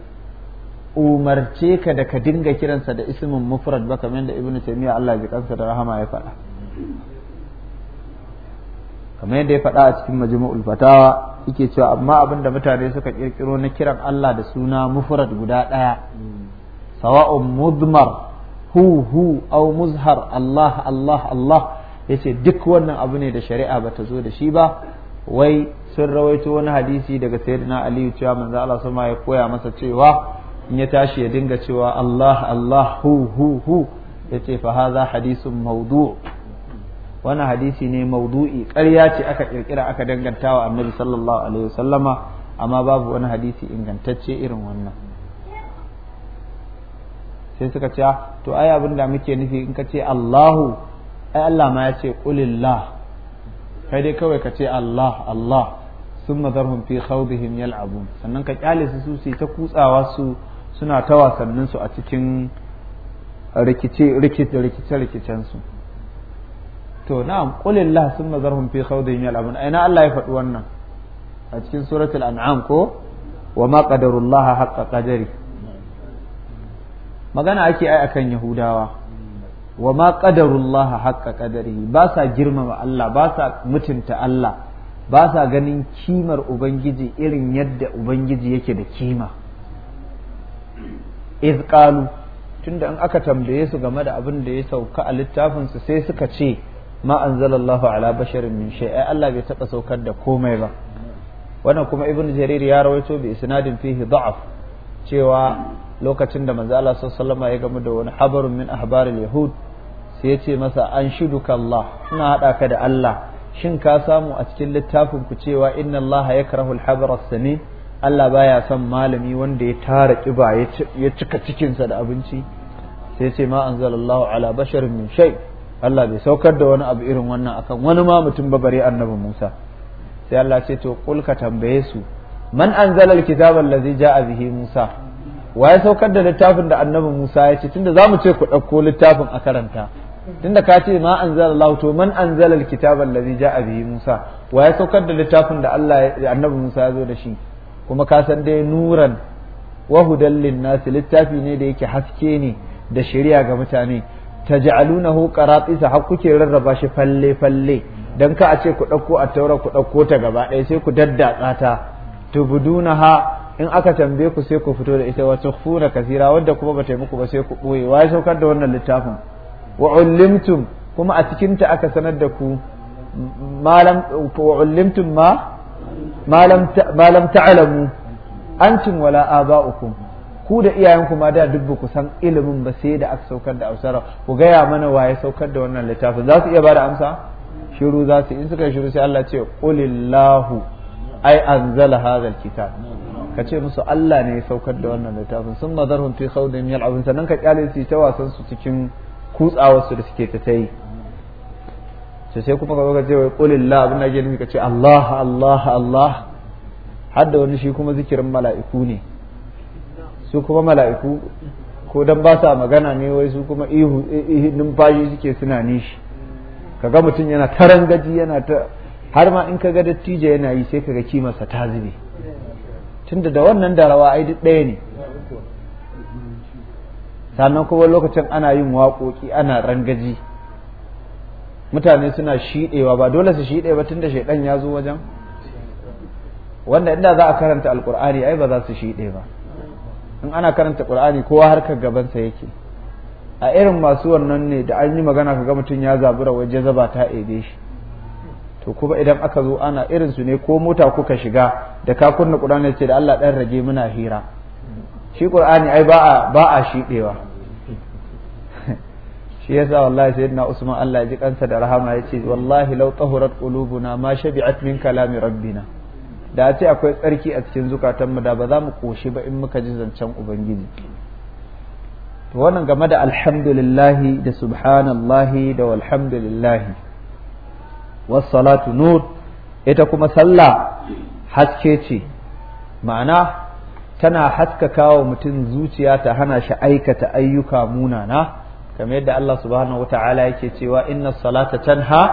umarce ka da ka dinga kiransa da ismin mufrad ba kamar da ibnu taymiya Allah ya kansa da rahama ya faɗa kamar yadda ya faɗa a cikin majmu'ul fatawa yake cewa amma abin da mutane suka kirkiro na kiran Allah da suna mufrad guda ɗaya sawa'un mudmar hu hu au muzhar Allah Allah Allah yace duk wannan abu ne da shari'a bata zo da shi ba wai sun rawaito wani hadisi daga sayyidina Aliyu cewa manzo Allah sama ya koya masa cewa in ya tashi ya dinga cewa Allah Allah hu hu hu ya ce fa haza hadisun maudu wani hadisi ne maudu'i ƙarya ce aka ƙirƙira aka danganta wa annabi sallallahu alaihi wasallama amma babu wani hadisi ingantacce irin wannan sai suka ce ah, to ai abin da muke nufi in ka ce Allahu ai Allah ma ya ce qulillah kai dai kawai ka ce Allah Allah sun mazarhum fi khawdihim yal'abun sannan ka kyale su su ta kutsawa su suna ta wasanninsu a cikin rikice-rikicensu to na'am la sun nazarhum fi khawdihim yal'abun aina Allah ya faɗi wannan a cikin suratul an'am ko wa ma qadarullaha haqqa qadari magana ake ai akan yahudawa wa ma qadarullaha haqqa ƙadari. ba sa girmama Allah ba sa mutunta Allah ba sa ganin kimar ubangiji irin yadda ubangiji yake da kima iz qalu tunda in aka tambaye su game da abin da ya sauka a littafin su sai suka ce ma anzalallahu ala basharin min shay ai Allah bai taba saukar da komai ba wannan kuma ibnu jarir ya rawaito bi isnadin fihi da'af cewa lokacin da manzo Allah sallallahu alaihi ya gamu da wani habarun min ahbaril yahud sai ya ce masa an shiduka Allah ina hada ka da Allah shin ka samu a cikin littafin ku cewa inna Allah yakrahu al habara as-samin Allah baya son malami wanda ya tara kiba ya cika cikinsa da abinci sai ce ma anzalallahu ala basharin min shay Allah bai saukar da wani abu irin wannan akan wani ma mutum ba bare annabi Musa sai Allah ce to kul ka tambaye su man anzala alkitaba allazi ja'a bihi Musa wa ya saukar da littafin da annabi Musa ya ce tunda zamu ce ku dauko littafin a karanta tunda ka ce ma anzalallahu to man anzala alkitaba allazi ja'a bihi Musa wa ya saukar da littafin da Allah annabi Musa ya zo da shi kuma ka san dai nuran wahudan linnasi littafi ne da yake haske ne da shari'a ga mutane taj'alunahu qaratisa har kuke rarraba shi falle falle dan ka a ce ku dauko a taura ku dauko ta gaba ɗaya sai ku daddatsa ta tubudunaha in aka tambaye ku sai ku fito da ita wa tukhfuna kasira wanda kuma ba ta muku ba sai ku boye wai saukar da wannan littafin wa ullimtum kuma a cikin ta aka sanar da ku malam wa ullimtum ma ma lam ta'lamu antum wala aba'ukum ku da iyayenku ma da duk ku san ilimin ba sai da aka da ausara ku gaya mana waye saukar da wannan littafin za su iya bada amsa shiru za su in suka shiru sai Allah ce qulillahu ai anzala hadha alkitab ka ce musu Allah ne ya saukar da wannan littafin sun mazarhum fi khawdin yal'abun sannan ka kyale su ta wasan su cikin kutsawar su da suke ta tayi to sai kuma ka ce wai qulillah abin da nufi kace Allah Allah Allah har da wani shi kuma zikirin mala'iku ne su kuma mala'iku ko dan ba sa magana ne wai su kuma ihu numfashi suke suna nishi kaga mutum yana taran gaji yana ta har ma in ga dattijo yana yi sai kaga kimarsa ta zube tunda da wannan da rawa ai duk ɗaya ne sannan kuma lokacin ana yin waƙoƙi ana rangaji mutane suna shiɗewa ba dole su shiɗe ba tunda shaidan ya zo wajen wanda inda za a karanta alkur'ani ai ba za su shiɗe ba in ana karanta qur'ani kowa harkar gabansa yake a irin masu wannan ne da an yi magana kaga mutum ya zabura waje zaba ta ebe shi to kuma idan aka zo ana irin su ne ko mota kuka shiga da ka kunna qur'ani ce da Allah dan rage muna hira shi qur'ani ai ba ba a shiɗewa shi yasa wallahi sayyidina usman Allah ya ji kansa da rahama ya ce wallahi law tahurat qulubuna ma shabi'at min kalami rabbina da ce akwai tsarki a cikin zukatanmu da ba za mu koshi ba in muka ji zancen ubangiji to wannan game da alhamdulillahi da subhanallahi da walhamdulillahi wassalatu nur ita kuma sallah haske ce ma'ana tana haskaka wa mutum zuciya ta hana shi aikata ayyuka munana kamar yadda Allah subhanahu wata'ala yake cewa inna salata tanha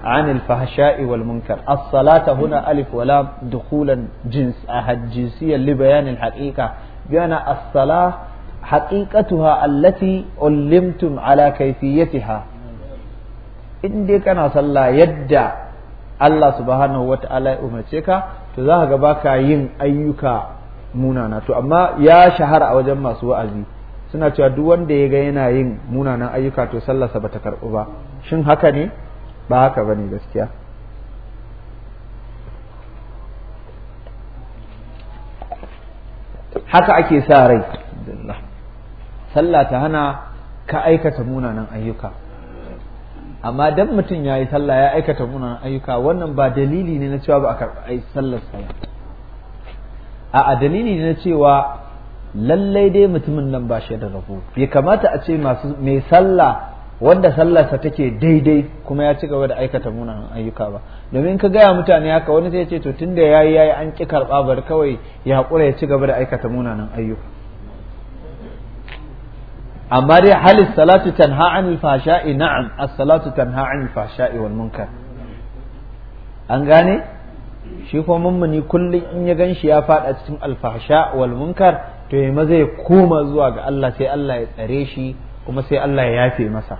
anil fahsha'i wal munkar as-salata huna alif wala lam dukhulan jins ahad jinsiyan li bayan al haqiqa bayana as ha haqiqatuha allati ullimtum ala kayfiyatiha in dai kana sallah yadda Allah subhanahu wa ta'ala ya umarce ka to za ka ga baka yin ayyuka munana to amma ya shahara a wajen masu wa'azi suna cewa duk wanda ya ga yana yin munanan ayyuka to sallarsa bata karɓu ba shin haka ne ba haka bane gaskiya haka ake sa rai sallah ta hana ka aikata munanan ayyuka amma dan mutum ya yi sallah ya aikata munanan ayyuka wannan ba dalili ne na cewa ba a karɓi sallarsa ba a dalili ne na cewa lallai dai mutumin nan ba shi da rabo bai kamata a ce masu mai sallah wanda sallarsa take daidai kuma ya ci gaba da aikata munanan ayyuka ba domin ka gaya mutane haka wani sai ce to tunda yayi yayi an ki karba bar kawai ya hakura ya ci gaba da aikata munanan ayyuka amma dai halis salatu tanha anil fasha'i na'am as-salatu tanha anil fasha'i wal munkar an gane shi ko mummuni kullum in ya gan shi ya fada cikin alfahsha wal munkar to yi maza koma zuwa ga Allah sai Allah ya tsare shi kuma sai Allah ya yafe masa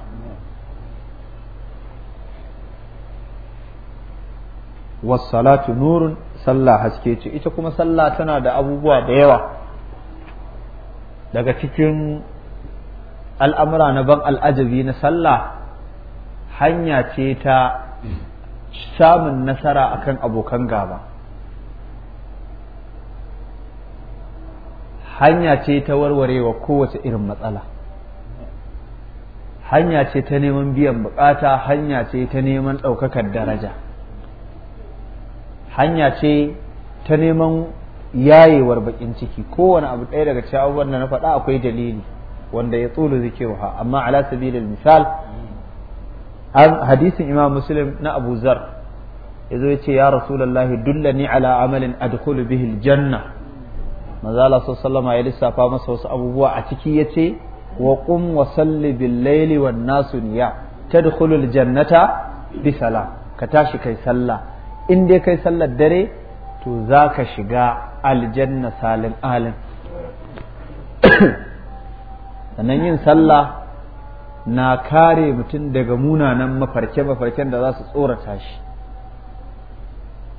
wasalatu nurun sallah haske ce ita kuma sallah tana da abubuwa da yawa daga cikin al'amura na ban al'ajabi na sallah hanya ce ta samun nasara akan abokan gaba hanya ce ta warwarewa kowace irin matsala hanya ce ta neman biyan bukata hanya ce ta neman ɗaukakar daraja hanya ce ta neman yayewar bakin ciki kowane abu ɗaya daga cikin abubuwan da na faɗa akwai dalili wanda ya tsulu zikiruha amma ala sabilil misal an hadisin imam muslim na abu zar yazo yace ya rasulullahi dullani ala amalin adkhulu bihi aljanna manzala sallama ya lissafa masa wasu abubuwa a ciki ya ce wa qum wa salli bil laili wan nasu niya tadkhulul jannata bi salam ka tashi kai sallah in dai kai sallar dare to za ka shiga aljanna salin alin [COUGHS] sannan yin sallah na kare mutum daga munanan mafarke-mafarken da za su tsorata shi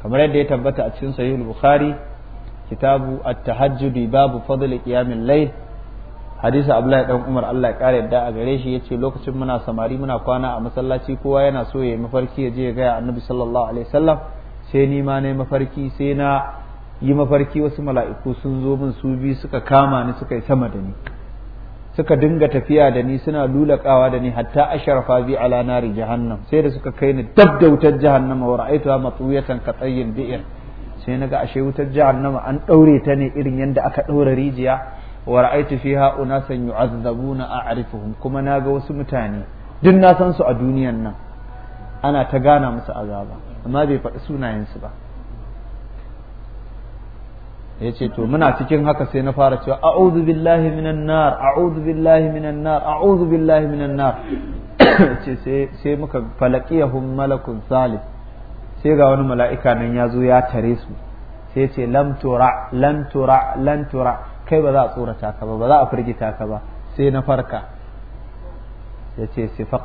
kamar yadda ya tabbata a cikin sahihul bukhari kitabu التهجد باب babu قيام الليل حديث hadisi abdullahi dan umar Allah ya yadda a gare shi yace lokacin muna samari muna kwana a masallaci kowa yana so ya mafarki yaje je ya gaya annabi sallallahu alaihi wasallam sai ni ma ne mafarki sai na yi mafarki wasu mala'iku sun zo min su bi suka kama ni suka yi sama da ni suka dinga tafiya da ni suna lulakawa da ni hatta asharafa bi ala nari jahannam sai da suka kai ni dab da wutar jahannama wa ra'aytuha matwiyatan ka tayyin bi'ir sai na ga ashe wutar jihar jahannama an ɗaure ta ne irin yadda aka ɗaura rijiya wa ra'aytu fiha unasan yu'azzabuna a'rifuhum kuma naga wasu mutane duk na san su a duniyan nan ana ta gana musu azaba amma bai faɗi sunayensu ba ya ce to muna cikin haka sai na fara cewa a'udhu billahi minan nar a'udhu billahi minan nar a'udhu billahi minan nar [COUGHS] ce sai muka falaqiyahum malakun salih sai ga wani mala'ika nan ya zo ya tare su sai ce lantura-lantura lantura kai ba za a tsorata ka ba ba za a firgita ka ba sai na farka ya ce sai fa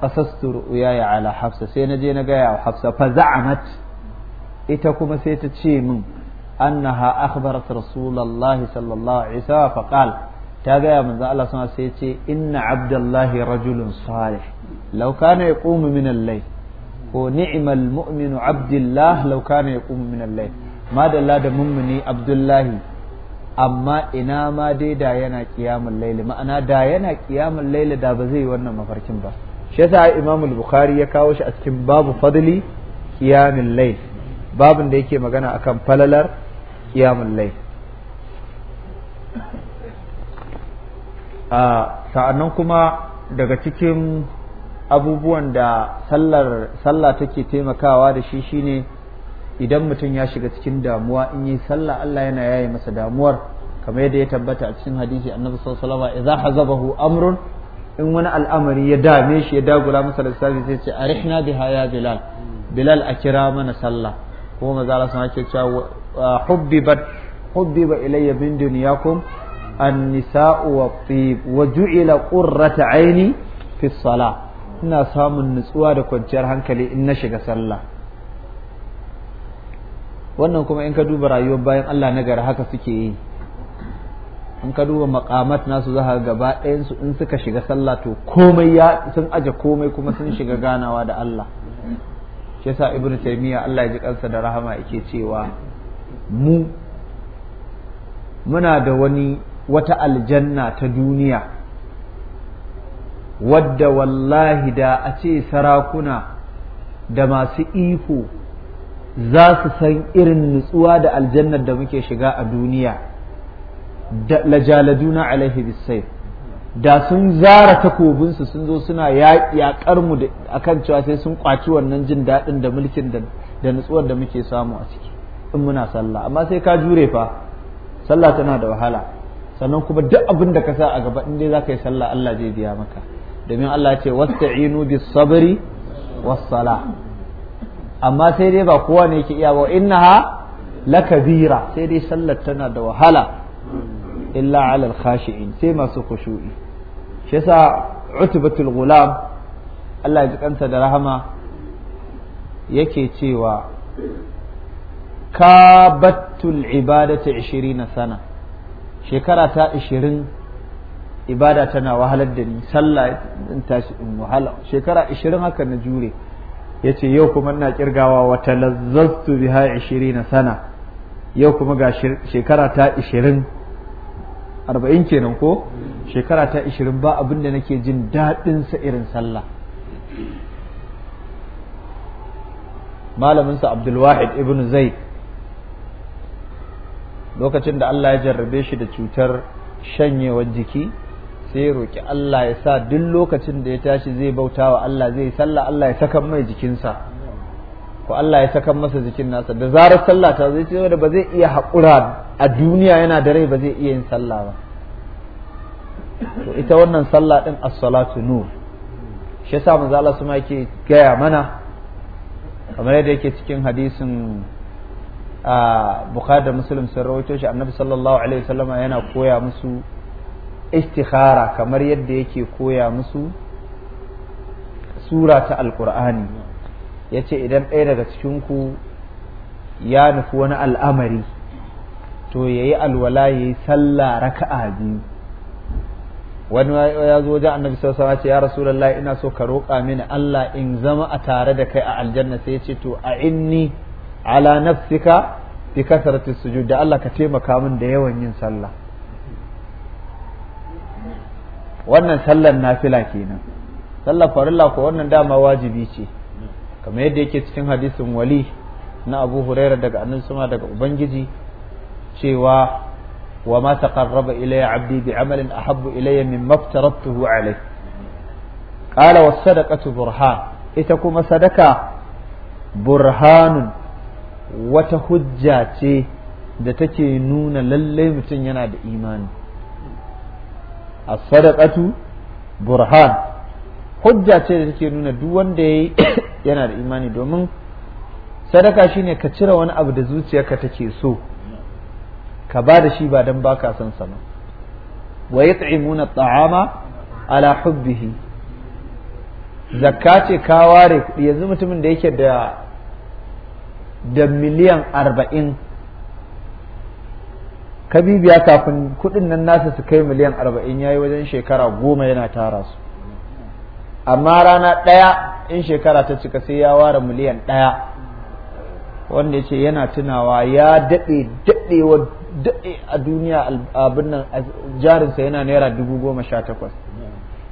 ya ya ala hafsa sai na je na gaya wa hafsa fa za'amat ita kuma sai ta ce min annaha akhbarat rasulullahi sallallahu alaihi wasallam fa ta gaya manzo Allah sai ce inna abdullahi rajulun salih law kana yaqumu min al-layl ko ni'mal mu'minu abdullah law kana yaqumu min al-layl dalla da mummuni abdullahi amma ina ma dai da yana qiyamul layl ma'ana da yana qiyamul layl da ba zai wannan mafarkin ba shi yasa imamu bukhari ya kawo shi a cikin babu fadli qiyamul layl babin da yake magana akan falalar qiyamul layl a ah, sa'annan kuma daga cikin abubuwan da sallar sallah take taimakawa da shi shine idan mutum ya shiga cikin damuwa in yi sallah Allah yana yaye masa damuwar kamar yadda ya tabbata a cikin hadisi annabi sallallahu alaihi wasallam idza hazabahu amrun in wani al'amari ya dame shi ya dagula masa lissafi sai ce arihna biha ya bilal bilal a kira mana sallah kuma maza Allah sun ake cewa hubbibat hubbiba ilayya min dunyakum an-nisa'u wat-tib wa ju'ila qurrata aini fi salah ina samun nutsuwa da kwanciyar hankali in na shiga sallah wannan kuma in ka duba rayuwar bayan Allah na gari haka suke yi in ka duba makamat nasu za gaba ɗayansu in suka shiga sallah to komai ya sun aje komai kuma sun shiga ganawa da Allah shi yasa ibnu taymiya Allah ya ji kansa da rahama yake cewa mu muna da wani wata aljanna ta duniya wadda wallahi da a ce sarakuna da masu iko za su san irin nutsuwa da aljannar da muke shiga a duniya lajaladuna alaihi bisai da sun zara takobinsu sun zo suna yaƙar mu akan cewa sai sun kwaci wannan jin daɗin da mulkin da nutsuwar da muke samu a ciki in muna sallah amma sai ka jure fa sallah tana da wahala sannan kuma duk abin da ka sa a gaba in dai za ka yi sallah Allah zai biya maka domin Allah ce wasta'inu bis sabri was sala amma sai dai ba kowa ne yake iya ba innaha lakabira sai dai sallar tana da wahala illa ala khashiin sai masu khushu'i shi yasa utbatul gulam Allah ya ji kansa da rahama yake cewa kabattul ibadata 20 sana shekara ta 20 ibada tana wahalar da ni sallah in tashi in wahala shekara 20 haka na jure yace yau kuma ina kirgawa wa talazzaztu biha 20 sana yau kuma ga shekara ta 20 40 kenan ko shekara ta 20 ba abin da nake jin daɗin sa irin sallah malamin sa Abdul Wahid Ibnu Zaid lokacin da Allah ya jarrabe shi da cutar shanyewar jiki sai ya roki Allah ya sa duk lokacin da ya tashi zai bauta wa Allah zai yi sallah Allah ya saka mai jikinsa ko Allah ya saka masa jikin nasa da zarar sallah ta zai ce da ba zai iya haƙura a duniya yana da rai ba zai iya yin sallah ba to ita wannan sallah ɗin as-salatu nur shi yasa manzo Allah su yake gaya mana kamar yadda yake cikin hadisin a ah, Bukhari da Muslim sun rawaito shi Annabi sallallahu alaihi wasallama yana koya musu istikhara kamar yadda yake koya musu sura ta alkur'ani ya ce idan ɗaya daga cikinku ya nufi wani al'amari to ya yi alwala ya yi sallah raka'a biyu wani ya zo wajen annabi sassa ce ya rasulallah ina so ka roƙa mini Allah in zama a tare da kai a aljanna sai ya ce to a inni ala nafsika bi kasratis sujud da Allah ka taimaka min da yawan yin sallah wannan sallar nafila kenan sallar farilla ko wannan dama wajibi ce kamar yadda yake cikin hadisin wali na abu huraira daga annin daga ubangiji cewa wa ma taqarraba ilayya abdi bi amalin ahabbu ilayya mimma aftaratuhu alayh qala was sadaqatu burhan ita kuma sadaka burhanun wata hujja ce da take nuna lallai mutum yana da imani as-sadaqatu burhan hujja ce da take nuna duk wanda yayi [COUGHS] yana da imani domin sadaka shine ka cire wani abu da zuciyarka take so ka ba da shi ba dan baka san sa ba wa yut'imuna at'ama ala hubbihi zakka ce ka ware yanzu mutumin da yake da da miliyan arba'in bibiya kafin kuɗin nan nasa su kai miliyan arba'in ya yi wajen shekara goma yana tara su amma rana ɗaya in shekara ta cika sai ya ware miliyan ɗaya wanda ya ce yana tunawa ya daɗe daɗewa daɗe a duniya abin nan jarinsa yana naira dubu goma sha takwas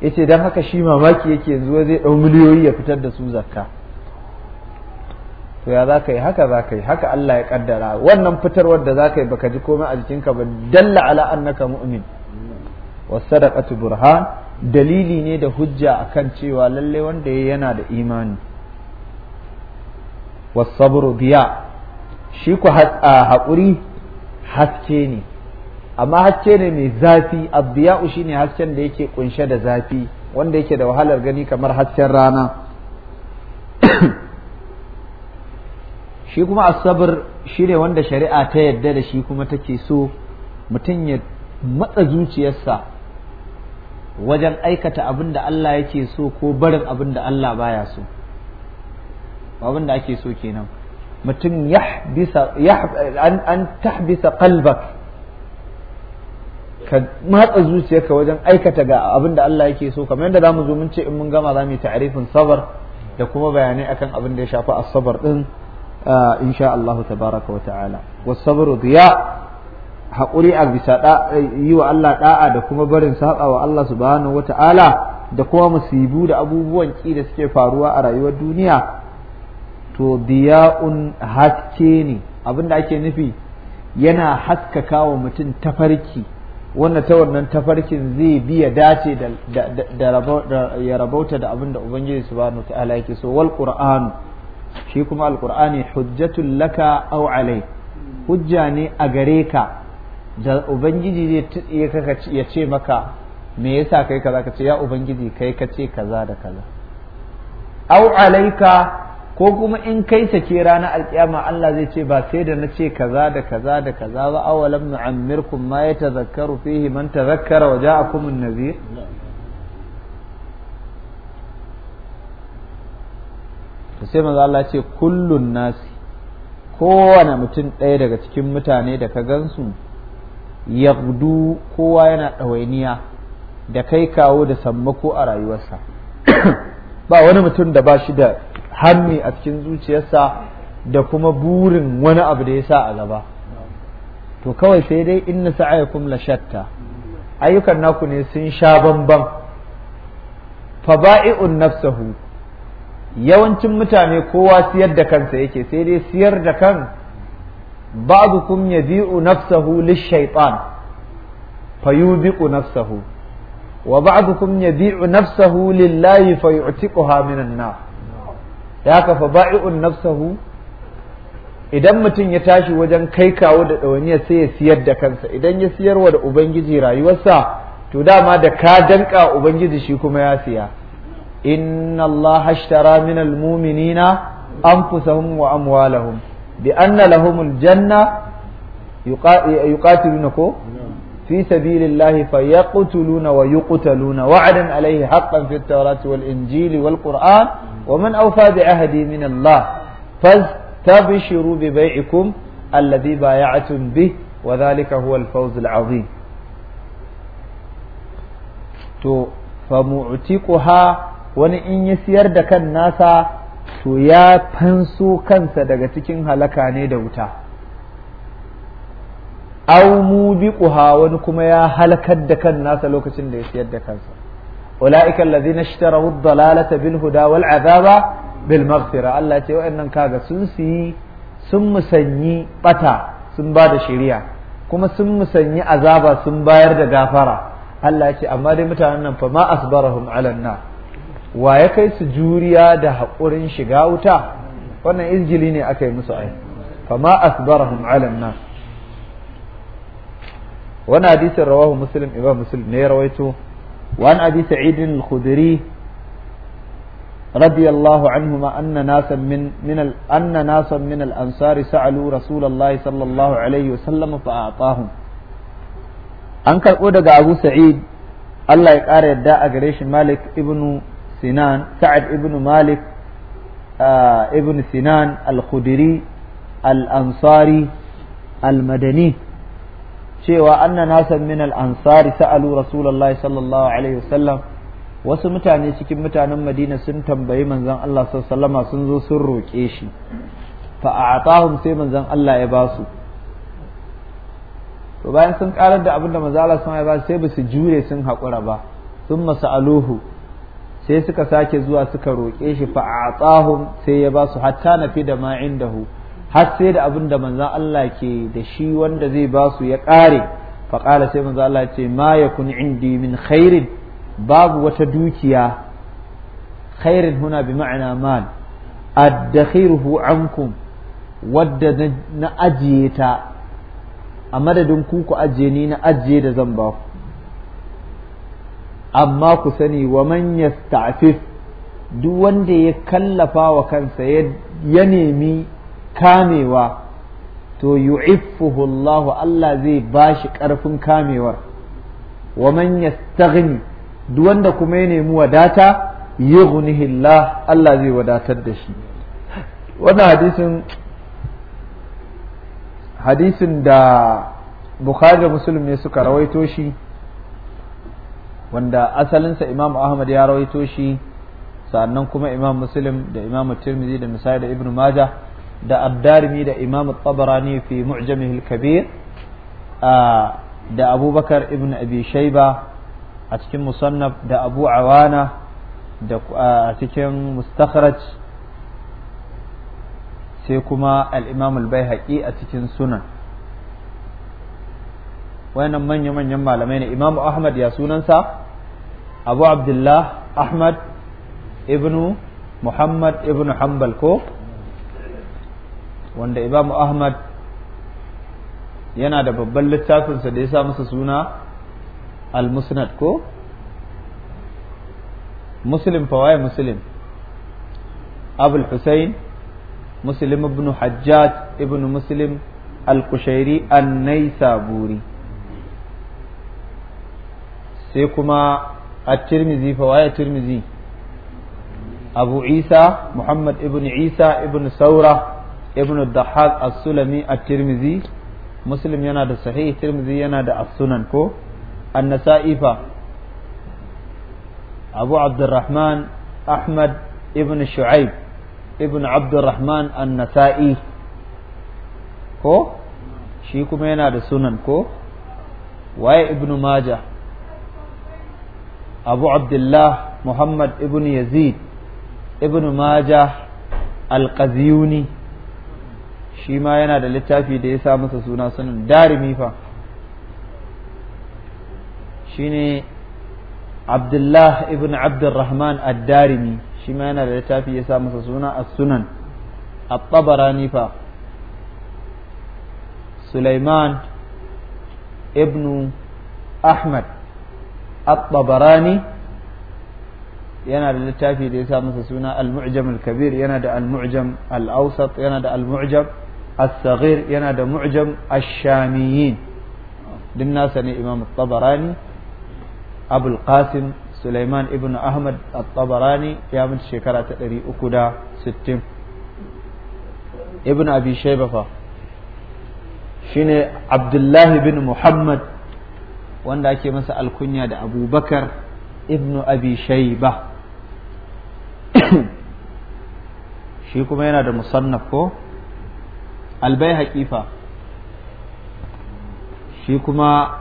ya ce don haka shi mamaki yake yanzu zai ɗau miliyoyi ya fitar da su zakka to ya za ka yi haka za ka yi haka Allah ya kaddara wannan fitarwar da za ka yi baka ji komai a jikinka ba dalla ala annaka mu'min wasadaqatu burhan dalili ne da hujja akan cewa lalle wanda ya yana da imani wasabru biya shi ku haƙuri haske ne amma haske ne mai zafi abdiya'u shine hasken da yake kunshe da zafi wanda yake da wahalar gani kamar hasken rana [COUGHS] shi kuma asabar shi ne wanda shari'a ta yadda da shi kuma take so mutum ya matsa zuciyarsa wajen aikata abin da Allah yake so ko barin abin da Allah baya so abin da ake so kenan mutum an tahbisa kalbak ka matsa zuciyarka wajen aikata ga abin da Allah yake so kamar yadda zamu zo mun ce in mun gama za mu yi ta'arifin sabar da kuma bayanai akan abin da ya shafi asabar din sha Allah tabaraka wa ta'ala wasabru diya haƙuri a bisa yi wa Allah da'a da kuma barin saba wa Allah subhanahu wa ta'ala da kuma musibu da abubuwan ki da suke faruwa a rayuwar duniya to diya'un haske ne abin da ake nufi yana haskaka wa mutum tafarki wannan ta wannan tafarkin zai biya dace da ya rabauta da abin da Ubangiji subhanahu wa ta'ala yake so wal qur'anu shi kuma alkur'ani hujjatul laka aw alai hujja ne a gare ka da ubangiji zai ya ce maka me yasa kai kaza ka ce ya ubangiji kai ka ce kaza da kaza aw alaika ko kuma in kai sake ranar alkiyama Allah zai ce ba sai da na ce kaza da kaza da kaza ba awalam nu'ammirkum ma yatazakkaru fihi man tazakkara wa ja'akumun an-nazir sai maza Allah ce kullun nasi kowane mutum ɗaya daga cikin mutane da ka gansu yaghdu kowa yana ɗawainiya da kai kawo da sammako a rayuwarsa ba wani mutum da ba shi da hannu a cikin zuciyarsa da kuma burin wani abu da ya sa a gaba to kawai sai dai inna ya la shatta ayyukan naku ne sun sha bamban faba'i'un nafsahu yawancin mutane kowa siyar da kansa yake sai dai siyar da kan ba'dukum yabi'u nafsahu lish-shaytan fayubiqu nafsahu wa ba'dukum yabi'u nafsahu lillahi fayu'tiquha minan nar ya ka fa ba'i'un nafsahu idan mutum ya tashi wajen kai kawo da ɗawaniya sai ya siyar da kansa idan ya siyarwa da ubangiji rayuwarsa to dama da ka danƙa ubangiji shi kuma ya siya إن الله اشترى من المؤمنين أنفسهم وأموالهم بأن لهم الجنة يقاتلونكم في سبيل الله فيقتلون ويقتلون وعدا عليه حقا في التوراة والإنجيل والقرآن ومن أوفى بعهدي من الله فاستبشروا ببيعكم الذي بايعتم به وذلك هو الفوز العظيم to famu'tiquha wani in ya siyar da kan nasa to ya fanso kansa daga cikin halaka ne da wuta au mu bi wani kuma ya halakar da kan nasa lokacin da ya siyar da kansa ulaika allazina ishtaraw ad-dalalata bil huda wal azaba bil maghfira Allah ce wa'annan kaga sun siyi sun musanyi bata sun ba da shari'a kuma sun musanyi azaba sun bayar da gafara Allah ce amma dai mutanen nan fa ma asbarahum ala nar wa ya kai su juriya da haƙurin shiga wuta wannan injili ne aka yi musu ai fama asbarahum ala nas wani hadisin rawahu muslim ibn muslim ne rawaito wa an abi al-khudri رضي الله عنهما أن ناسا من من أن ناسا من الأنصار سألوا رسول الله صلى الله عليه وسلم فأعطاهم أنكر أودغ أبو سعيد الله يقار يدعى قريش مالك ابن sinan sa'ad ibn malik uh, ibn sinan al-khudiri al-ansari al-madani cewa anna nasan min al-ansari sa'alu rasulullahi sallallahu wasu mutane cikin mutanen madina sun tambayi manzon Allah sallama sun zo sun roƙe shi fa sai manzon Allah ya ba su to bayan sun karar da abin da manzon Allah sun ya ba sai ba su jure sun haƙura ba sun aluhu sai suka sake zuwa suka roƙe shi fa a'tahum sai ya ba su hatta fi da ma indahu har sai da abin da manzon Allah ke da shi wanda zai ba su ya ƙare fa qala sai manzan Allah ce ma ya yakun indi min khairin babu wata dukiya khairin huna bi ma'ana mal addakhiruhu ankum wadda na ajiye ta a madadin ku ku ajiye ni na ajiye da zan ba ku amma ku sani wa man yasta'fif duk wanda ya kallafa wa kansa ya nemi kamewa to yu'iffuhu Allah Allah zai bashi karfin kamewar wa man yastaghni duk wanda kuma ya nemi wadata yughnihi Allah Allah zai wadatar da shi wannan hadisin hadisin da Bukhari da Muslim ne suka rawaito shi wanda asalinsa imam ahmad ya rawaito shi sannan kuma imam muslim da imam tirmidhi da misali da ibnu maja da addarimi da imam tabarani fi mu'jamihil kabir da abubakar ibn abi shaiba a cikin musannaf da abu awana da a cikin mustakhraj sai kuma al-imam al-baihaqi a cikin sunan wayannan manya manyan malamai ne Imam Ahmad ya sunansa Abu Abdullah Ahmad ibn Muhammad ibn Hanbal ko wanda Imam Ahmad yana da babban littafinsa da ya sa masa suna al-musnad ko muslim fawaye muslim abul husayn muslim ibn hajjaj ibn muslim al-kushairi an-naisaburi al sai kuma at-tirmizi fa waye tirmizi abu isa muhammad ibn isa ibn saura ibn dahaq as-sulami a tirmizi muslim yana da sahih tirmizi yana da as-sunan ko an-nasa'i fa abu abdurrahman ahmad ibn shu'aib ibn abdurrahman annasa'i ko shi kuma yana da sunan ko waye ibn majah abu abdullah muhammad ibn yazid ibn maja alqaziyuni shi ma yana da littafi da ya sa masa suna sunan darimi fa shine abdullah ibn abdurrahman ad-darimi shi ma yana da littafi ya sa masa suna as-sunan at-tabarani fa sulaiman ibn ahmad at-tabarani yana da littafi da ya sa masa suna al-mu'jam al-kabir yana da al-mu'jam al-awsat yana da al-mu'jam as-saghir yana da mu'jam ash-shamiyin din nasa ne imam at-tabarani abul qasim sulaiman ibn ahmad at-tabarani ya mutu shekara ta 360 ibn abi shayba fa shine abdullahi bin muhammad wanda ake masa alkunya da abubakar ibnu abi shayba [COUGHS] shi kuma yana da musannaf ko albai haƙifa shi kuma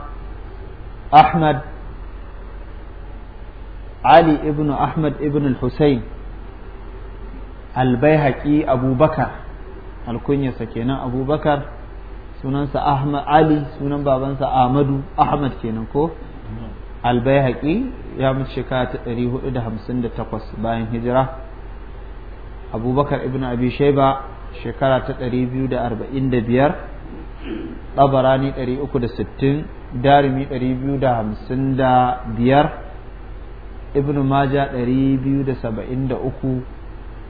ahmad ali ibnu ahmad ibn al-husayn albai haƙi abubakar alkunyarsa kenan abubakar sunansa Ahmad Ali sunan babansa Ahmadu Ahmad kenan ko al albayhaqi ya mutu shekara ta 458 bayan hijira abubakar ibn abi Shayba shekara ta 245 tabarani 360 darimi 255 ibn maja 273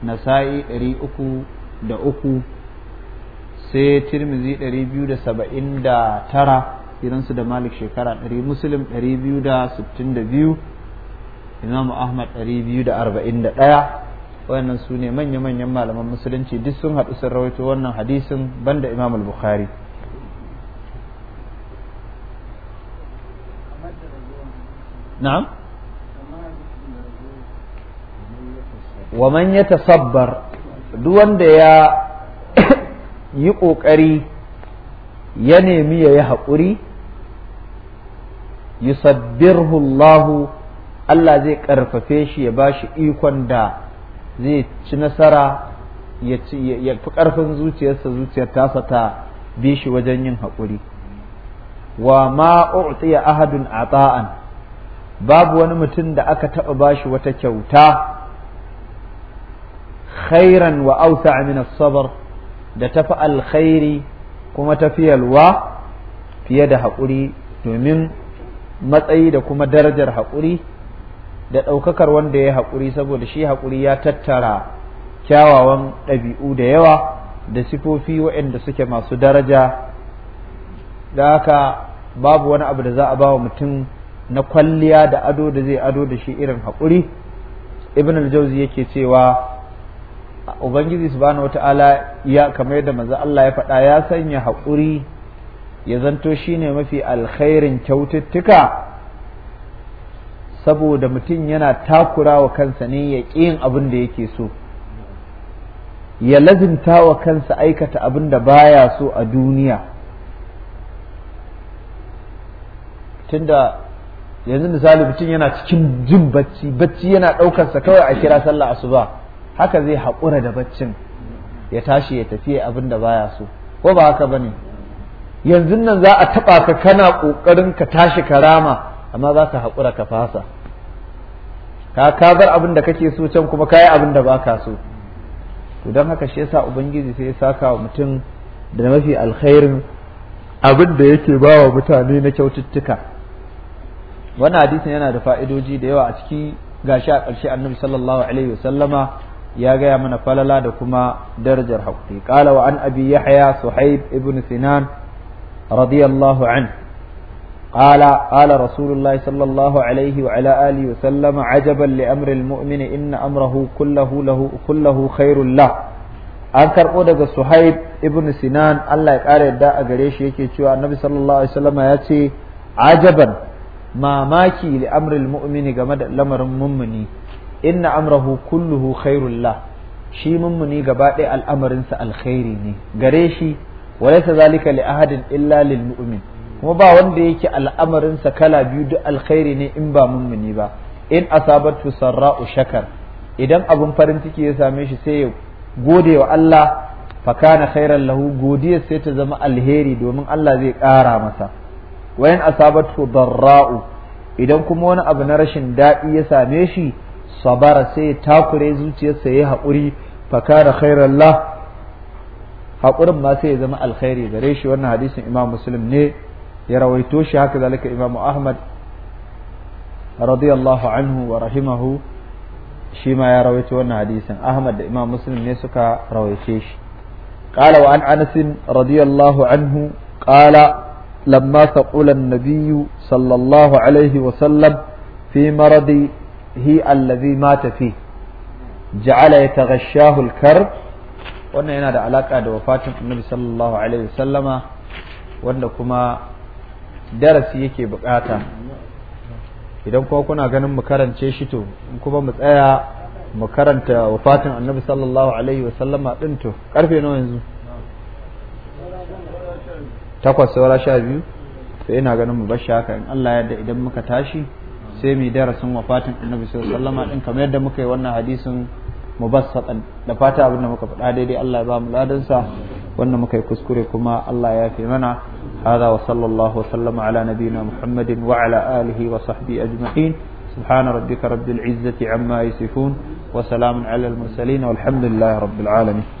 nasa'i 303 sai tirmizi 279 irinsu da malik shekara 100 muslim 262 imamu ahmad 241 wannan su ne manya-manyan malaman musulunci duk sun haɗu sun rawaito wannan hadisin banda imam al-bukhari na'am wa man yatasabbar duk ya yi ƙoƙari ya nemi ya yi haƙuri yusabbirhullahu Allahu Allah zai ƙarfafe shi ya ba shi ikon da zai ci nasara ya fi ƙarfin zuciyarsa zuciyar tasa ta bi shi wajen yin haƙuri wa ma u'tiya ahadun ata'an babu wani mutum da aka taɓa ba shi wata kyauta khairan wa auta min sabar da tafi alkhairi kuma tafi yalwa fiye da haƙuri domin matsayi da kuma darajar haƙuri da ɗaukakar wanda ya haƙuri saboda shi haƙuri ya tattara kyawawan ɗabi'u da yawa da sifofi waɗanda suke masu daraja da haka babu wani abu da za a ba wa mutum na kwalliya da ado da zai ado da shi irin haƙuri ibn al-jauzi yake cewa ubangiji subhanahu wata'ala ya kamar yadda manzo Allah ya faɗa ya sanya haƙuri ya zanto ne mafi alkhairin kyaututtuka saboda mutum yana takura wa kansa ne ya ƙin abin da yake so ya lazinta wa kansa aikata abin da baya so a duniya tunda yanzu misali mutum yana cikin jin bacci bacci yana ɗaukarsa kawai a kira sallah asuba haka zai haƙura da baccin ya tashi ya tafi abin da baya so ko ba haka bane yanzu nan za a taɓa ka kana ƙoƙarin ka tashi ka rama amma za ka haƙura ka fasa ka ka bar abin da kake so can kuma kayi abin da baka so to don haka shi yasa ubangiji sai ya saka wa mutum da mafi alkhairin abin da yake ba wa mutane na kyaututtuka wannan hadisin yana da fa'idoji da yawa a ciki gashi a ƙarshe annabi sallallahu alaihi wasallama ya gaya mana falala da kuma darajar haƙuri qala wa an abi yahya suhaib ibn sinan radiyallahu an qala ƙala sallallahu alaihi wa ala alihi wa sallama ajaban li amri almu'mini inna amrahu kullahu lahu kullahu khairul la an karɓo daga suhaib ibn sinan Allah ya ƙara yadda a gare shi yake cewa annabi sallallahu alaihi wasallama ya ce ajaban mamaki li amri almu'mini game da lamarin mummuni inna amrahu kulluhu khairul la shi mummuni gaba ɗaya al'amarinsa alkhairi ne gare shi walaysa zalika li ahadin illa lil mu'min kuma ba wanda yake al'amarinsa kala biyu duk alkhairi ne in ba mummuni ba in asabatu sarra'u shakar idan abun farin ciki ya same shi sai ya gode wa Allah fa kana khairan lahu godiya sai ta zama alheri domin Allah zai ƙara masa wayan asabatu darra'u idan kuma wani abu na rashin daɗi ya same shi sabara sai ya takure zuciyarsa ya haƙuri fakara khairan la haƙurin ma sai ya zama alkhairi gare shi wannan hadisin imam muslim ne ya rawaito shi haka zalika imam ahmad radiyallahu anhu wa rahimahu shi ma ya rawaito wannan hadisin ahmad da imam muslim ne suka rawaice shi قال وعن أنس radiyallahu الله qala lamma لما ثقل النبي sallallahu الله wa sallam fi مرض hi allazi mata fi ja'ala yataghashahu al-karb wannan yana da alaka da wafatin annabi sallallahu alaihi wasallama wanda kuma darasi yake bukata idan kuma kuna ganin mu karance shi to in kuma mu tsaya mu karanta wafatin annabi sallallahu alaihi wasallama din to karfe nawa yanzu takwas saura sha biyu Sai ina ganin mu bar shi haka in Allah ya yarda idan muka tashi sai mu darasin wafatin annabi sallallahu alaihi wasallam din kamar yadda muka yi wannan hadisin mubassatan da fata abin da muka faɗa daidai Allah ya ba mu ladan sa wanda muka yi kuskure kuma Allah ya mana hada wa sallallahu wa sallama ala nabiyyina Muhammadin wa ala alihi wa sahbihi ajma'in سبحان ربك رب العزة عما يصفون وسلام على المرسلين والحمد لله رب العالمين